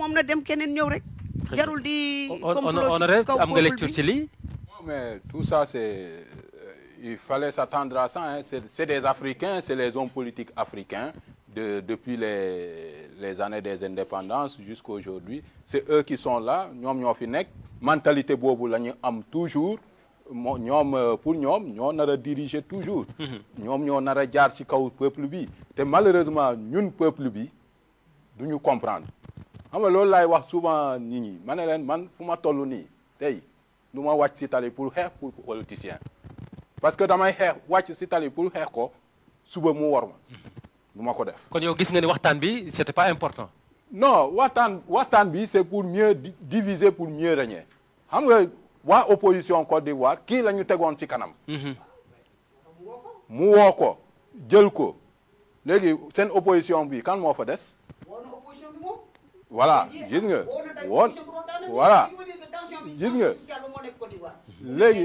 On na dem keneen rek jarul di am nga lecture ci mais tout ça c'est euh, il fallait s'attendre à ça hein. c'est des africains c'est les hommes politiques africains depuis les, années des indépendances jusqu'à aujourd'hui c'est eux qui sont là nous sommes fi mentalité bobu la am toujours ñom euh, pour nous, nous avons diriger toujours mhm. ñom ñoo nar a jaar ci kaw peuple bi nous, malheureusement ñun peuple bi duñu comprendre xam lo lay wax souvent nit ñi mané len man fuma ma ni tay tey wacc ci tali pour xeex pour politicien parce que damay xex wacc ci tali pour xex ko suba mu war ma du ko def. kon yow gis nga ni waxtan bi c'était pas important. non waxtan waxtan bi c'est pour mieux diviser pour mieux régner xam nga wa opposition Côte d'Ivoire kii la ñu tegoon ci kanam. Mhm. mu woo ko jël ko légui sen opposition bi kan mo fa des. voilà gis nga woon voilà gis nga léegi.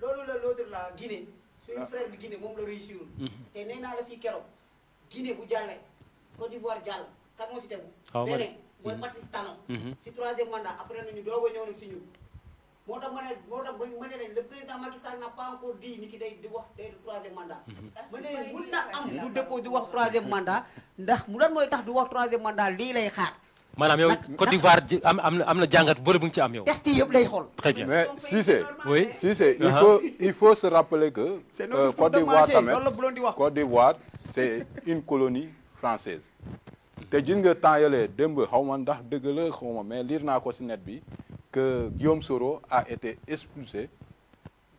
loolu la l'autre la Guinée suñu ah. frère bi Guinée moom la réussir. Mhm. te nee naa la fii keroog Guinée bu jàllee Côte d'Ivoire jàll kan moo si tegu. xaw ma beneen mooy mhm. Patrice Talon. Mhm. si troisième mandat après nañu doog a ñëw nag si ñun. moo tax ma ne moo tax ma ne leen le président Macky Sall n'a di wax ma ne mun na am du dëppoo di wax troisième mandat. ndax mu lan mooy tax du wax troisième mandat li lay xaar. manam yow Côte d'Ivoire am am na am na jàngat bëri bu ci am yow. test yeb yëpp lay xool. très bien mais Cissé. oui c'est il uh-huh. faut il faut se rappeler que. Euh, Côte d'Ivoire tamit Côte d'Ivoire c'est une colonie française. te gis nga temps yele démb xawma ndax deug la xawma mais lire naa ko ci net bi que Guillaume Soro a été expulsé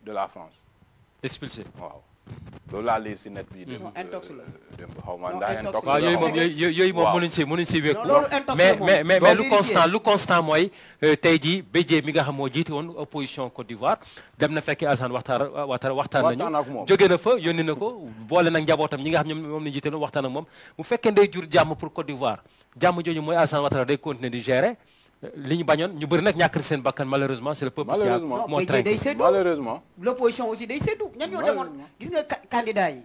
de la France. expulsé waaw. loolu laa liir si net bi démb euh, intox la démb xaw ma ndax intox euh, jii Bédié mi moo jiite woon opposition Côte na fekk Alassane Ouattara Ouattara waxtaan nañu jóge na fa yónni na ko waxtaan ak moom mu fekkee ndey jur jàmm pour Côte d'Ivoire jàmm jooju mooy continuer di gérer li ñu bañoon ñu bëri nag ñàkk seen bakkan malheureusement c'est le peuple qui a montré day seddu malheureusement l'opposition aussi day seddu ñan ñoo demoon gis nga candidat yi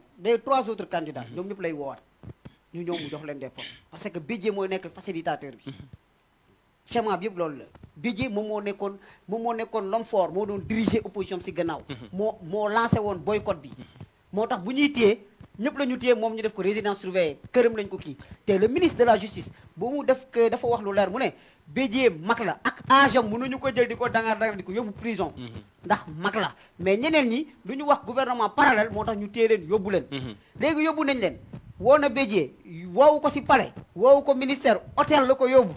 parce que budget mooy nekk facilitateur bi schéma bi loolu la budget moom moo nekkoon moom moo nekkoon l'homme fort moo doon diriger opposition si gannaaw moo moo lancé woon boycott bi moo tax bu ñuy téye ñëpp la ñu téye moom ñu def ko résidence surveillée këram lañ ko kii te le ministre de la justice bu mu def dafa wax lu leer mu ne béjjee mag la ak âge am ñu ko jël di ko dangar dangar di ko yóbbu prison mhm. ndax mag la mais ñeneen ñi lu ñu wax gouvernement parallèle moo tax ñu téye leen yóbbu leen mhm. léegi yóbbu nañ leen woo na béjjee woowu ko si palais woowu ko ministère hôtel la ko yóbbu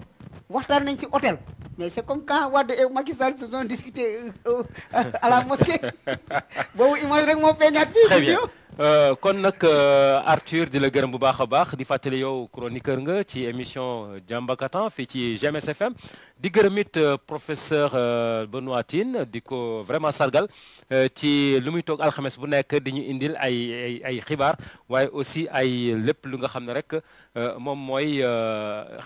waxtaan nañ si hôtel mais c'est comme quand Wade et Macky Sall se sont discutés euh, euh, à la mosquée boobu image rek moo feeñaat fii Euh, kon nak euh, Arthur di la gërëm bu baax a baax di fàttali yow chroniqueur nga ci émission euh, Jàmbakatan fii ci GMS FM di gërëm professeur Benoît Tine di ko vraiment sargal ci lu muy tok alxames bu nek di ñu indil ay ay xibar xibaar aussi ay lepp lu nga xamne rek mom moy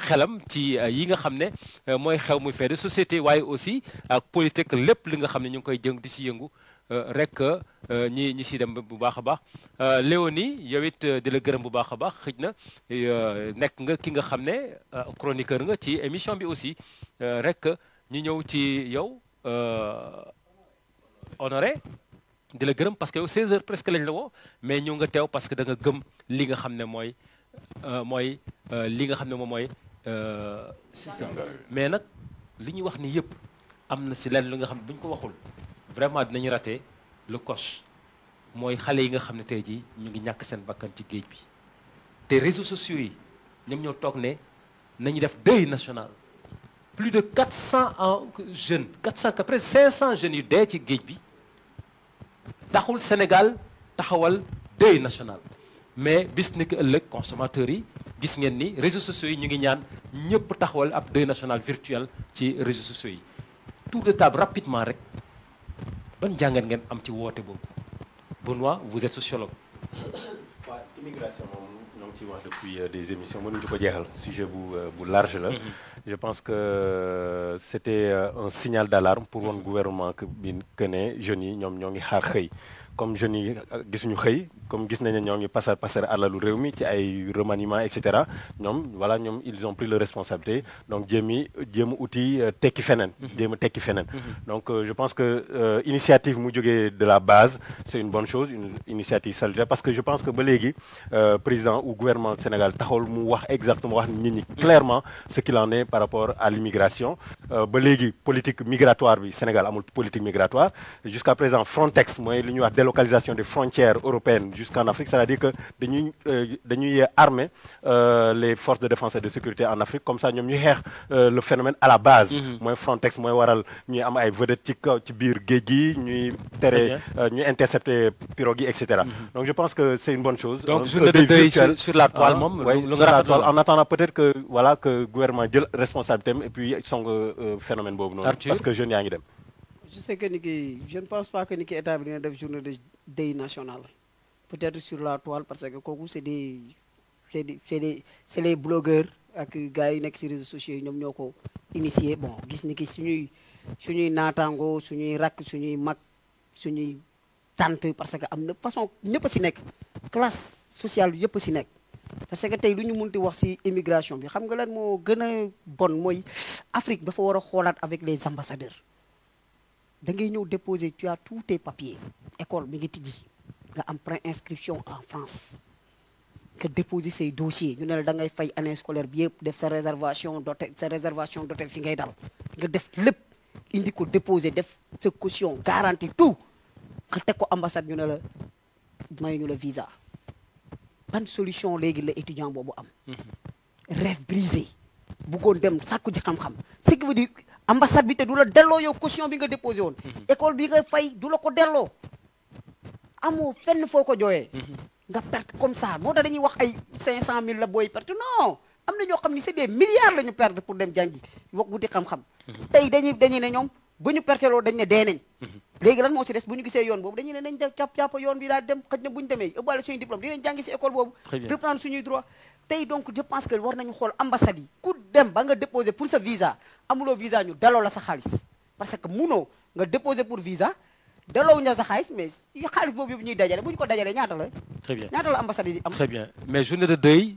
xelam ci yi nga xamne ne xew muy fee de société waaye aussi ak politique lepp li nga xamne ne ñu koy jëng di ci yëngu. Euh, rek euh, ñi ñi si dem bu baax a baax euh, Léonie yow it di la gërëm bu baax a baax xëj na nekk nga ki nga xam ne chroniqueur nga ci émission bi aussi rek ñi ñëw ci yow honoré di la gërëm parce que yow 16 heures presque lañ la woo mais ñëw nga teew parce que da nga gëm li nga xam ne mooy mooy li nga xam ne moom mooy système mais nag li ñuy wax nii yëpp am na si len li nga xam ne buñ ko waxul vraiment dinañu raté le coche moy xalé yi nga à ne tey ñu ngi ñak seen bakkan ci géej bi réseaux sociaux yi ñom ñoo toog ne nañu def deuil national plus de 400 jeunes 400 après 500 jeunes yu dee ci géej bi taxul Sénégal taxawal deuil national mais bis ni que consommateurs yi gis ngeen ni réseaux sociaux yi ñu ngi ñaan ñëpp taxawal ab deuil national virtuel ci réseaux sociaux yi tour de table rapidement rek ban jàngat ngeen am ci woote boobu Benoît vous êtes sociologue. waaw immigration moom ñoo ngi ciy wax depuis euh, des émissions mënuñu ko jeexal sujet bu euh, bu large la. Mhm. je pense que euh, c'était un signal d'alarme pour woon gouvernement que bi que ne jeunes yi ñoom ñoo ngi xaar xëy comme je disais, comme gis nañ il ñoo ngi passer à remaniement etc. voilà ils ont pris la responsabilité donc j'ai mis outil outils euh, tekki mhm. mhm. donc euh, je pense que euh, initiative de la base c'est une bonne chose une initiative salutaire parce que je pense que ba président ou gouvernement du Sénégal taxawul mu exactement mhm. clairement ce qu'il en est par rapport à l'immigration ba politique migratoire du Sénégal amul politique migratoire jusqu'à présent Frontex moi li a localisation des frontières européennes jusqu'en Afrique, c'est-à-dire que nous euh, dañuy armer euh, les forces de défense et de sécurité en Afrique comme ça nous ñu xeex euh, le phénomène à la base. Mm-hmm. Moi, Frontex moi, waral nous am ay vedettes ci biir intercepter pirogues etc. Mm-hmm. donc je pense que c'est une bonne chose. donc je de sur la toile ah, en attendant peut-être que voilà que gouvernement jël responsabilité et puis il phénomène bon non, parce que je n'y je sais que ni ki je ne pense pas que ni ki état bi dina def journée de national peut-être sur la toile parce que kooku c'est des c'est des c'est des c'est les blogueurs avec gars yi nekk ci réseaux sociaux yi ñoom ñoo ko initié bon gis ni ki suñuy suñuy naataango suñuy rakk suñuy mag suñuy tante parce que am na façon ñëpp a ci nekk classe sociale yëpp a ci nekk parce que tey lu ñu munti wax ci immigration bi xam nga lan moo gën bon Afrique dafa war avec les ambassadeurs da ngay déposer tu as tous tes papiers école mi ngi tijji nga am pré-inscription en France que déposer ces dossiers. ñu ne la da fay année scolaire bi yëpp def sa réservation d'hôtel sa réservation d'hôtel fi ngay dal nga def lépp indi déposer def ce caution garantie tout Que t'es ko ambassade ñu ne la may ñu la visa ban solution les étudiants étudiant am mm-hmm. rêve brisé bëggoon dem sàkku ji xam-xam ce qui veut dire ambassade bi te du la delloo yow caution bi nga déposé woon. Mhm. école bi nga fay du la ko delloo. amoo fenn foo ko jooyee. Mhm. nga perte comme ça moo tax dañuy wax ay 500000 la booy perte non am na ñoo xam ni c'est des milliards la ñu perdre pour dem jàngi wax wuti xam-xam. Mhm. tey dañuy dañuy ne ñoom ba ñu perte loolu dañ ne dee nañ. léegi lan moo ci des bu ñu gisee yoon boobu dañuy ne nañ jàpp si école boobu. reprendre suñuy droit tey donc je pense que war nañu xool ambassade ku dem ba nga déposer pour sa visa amulo visa ñu daloo la sa xaalis parce que munoo nga déposer pour visa daloo ñu sa xaalis mais xaalis boobu yëpp ñuy dajalé buñ ko dajalé ñaata la. très bien ñaata la ambassade di am. très bien mais journée de deuil.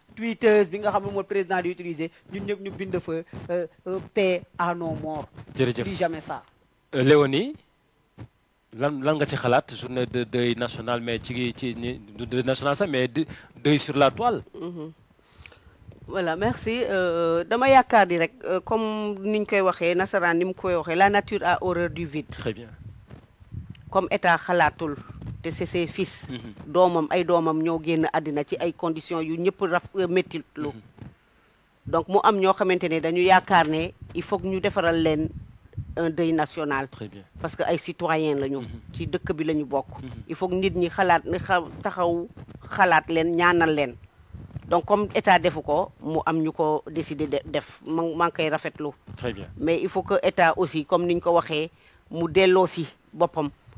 twitter bi nga xamne mo président di utiliser ñun ñëpp ñu bind fa euh, euh, paix à nos morts. jërëjëf jamais ça. Euh, Léonie lan lan nga ci xalat journée de deuil national mais ci ci deuil national ça, mais deuil sur la toile. Mhm. voilà merci dama yaakaar ni rek comme niñ koy waxee la nature a horreur du vide. très bien comme état xalaatul té c'est ses fils mhm. domam ay domam ñoo génn adina ci ay conditions yu ñëpp raf euh, métitlu mhm. donc mu am ñoo xamante ne dañu yaakaar il faut que ñu défaral leen un deuil national Très bien. parce que ay citoyen lañu mhm. ci dëkk bi lañu bokk il faut nit ñi ni taxaw xalaat leen ñaanal leen donc comme état defuko mu am ñuko décidé def man kay ngi rafetlu Très bien mais il faut que état aussi comme niñ ko waxé mu délo si boppam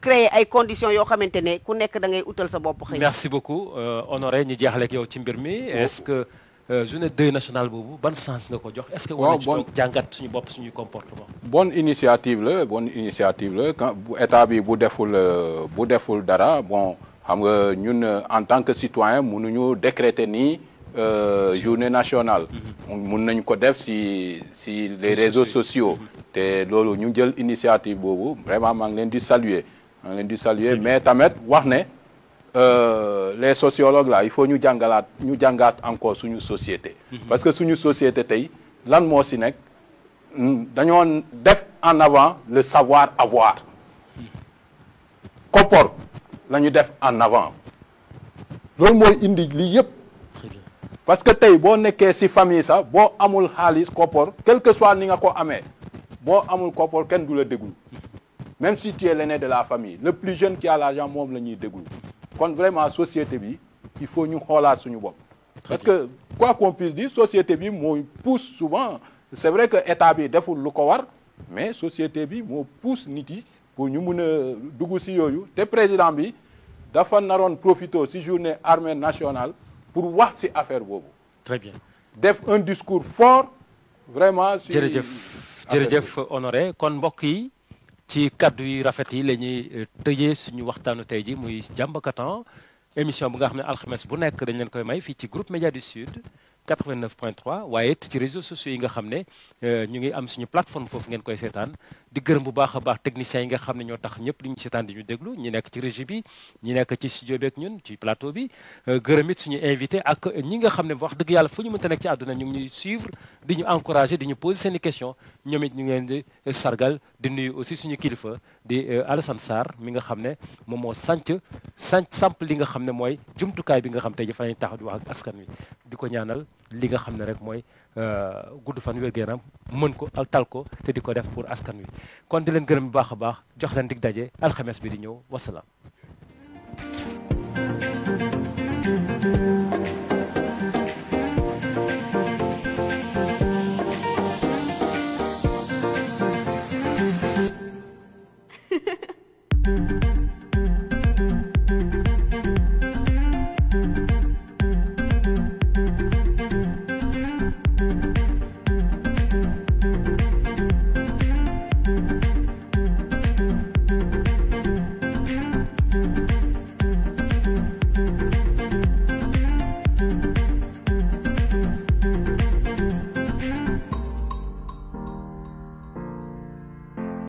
créer ay conditions yo xamantene ku nek da ngay utal sa bop xëy merci beaucoup euh, Honoré ñi jeexale ak yow ci mbir mi est-ce que euh, journée deuil national boobu ban sens nako jox est-ce que war bon, jangat suñu bop suñu comportement bonne initiative la bonne initiative la quand état bi bu deful euh, bu deful dara bon xam nga ñun en tant que citoyen mënuñu décréter nii journée nationale mm-hmm. mun nañ ko def si si les réseaux sociaux mm-hmm. té lolu ñu jël initiative bobu vraiment ma ngi leen di saluer on ngi dû saluer mais Tamet, wax euh, les sociologues là il faut ñu jàngalaat ñu jàngaat encore suñu société. Mhm. parce que suñu société tey lan moo si en avant le savoir avoir. Comport, mhm. là nous def en avant. loolu mooy indi lii yëpp. parce que tey boo nekkee si famille ça boo amul xaalis copor, quel que soit ni nga ko amee boo amul koppor kenn du la même si tu es l'aîné de la famille le plus jeune qui a l'argent moom la ñuy déglu Donc, vraiment société il faut ñu xoolaat suñu bopp parce que quoi qu'on puisse dire société bi pousse souvent c'est vrai que l'État bi deful le ko mais mais société bi pousse niti pour nous mun Le président bi dafa profiter de cette journée armée nationale pour voir ces affaires très bien def un discours fort vraiment si Jerejef, honoré kon a ci kàddu yu rafet yi la ñuy euh, tëjee suñu waxtaanu tey ji muy jàmbakatam Katan émission bu nga xam ne alxames bu nekk dañ leen koy may fii ci groupe média du sud waaye ci réseaux sociaux yi nga xam ne euh, ñu ngi am suñu plateforme foofu ngeen koy seetaan di gërëm bu baax a baax technicien yi nga xam ne ñoo tax ñëpp di ñu seetaan di ñu déglu ñi nekk ci régie bi ñi nekk ci studio bi ak ñun ci plateau bi euh, gërëm it suñu invité ak ñi nga xam ne wax dëgg yàlla fu ñu mënta nekk ci àdduna ñu ñuy suivre di ñu encourager di ñu poser seen question ñoom it ñu ngi di sargal di nuyu aussi suñu kilifa di euh, Alassane sar mi nga xam ne moom moo sanc sanc samp li nga xam ne mooy jumtukaay bi nga xam tey jëf nañu tax di wax ak askan wi di ko ñaanal li nga xam ne rek mooy Euh, gudd fan wér gu mën ko al tal ko te di ko def pour askan wi kon di leen gërëm bu baax a baax jox leen dig daje alxames bi di ñëw wasalaam.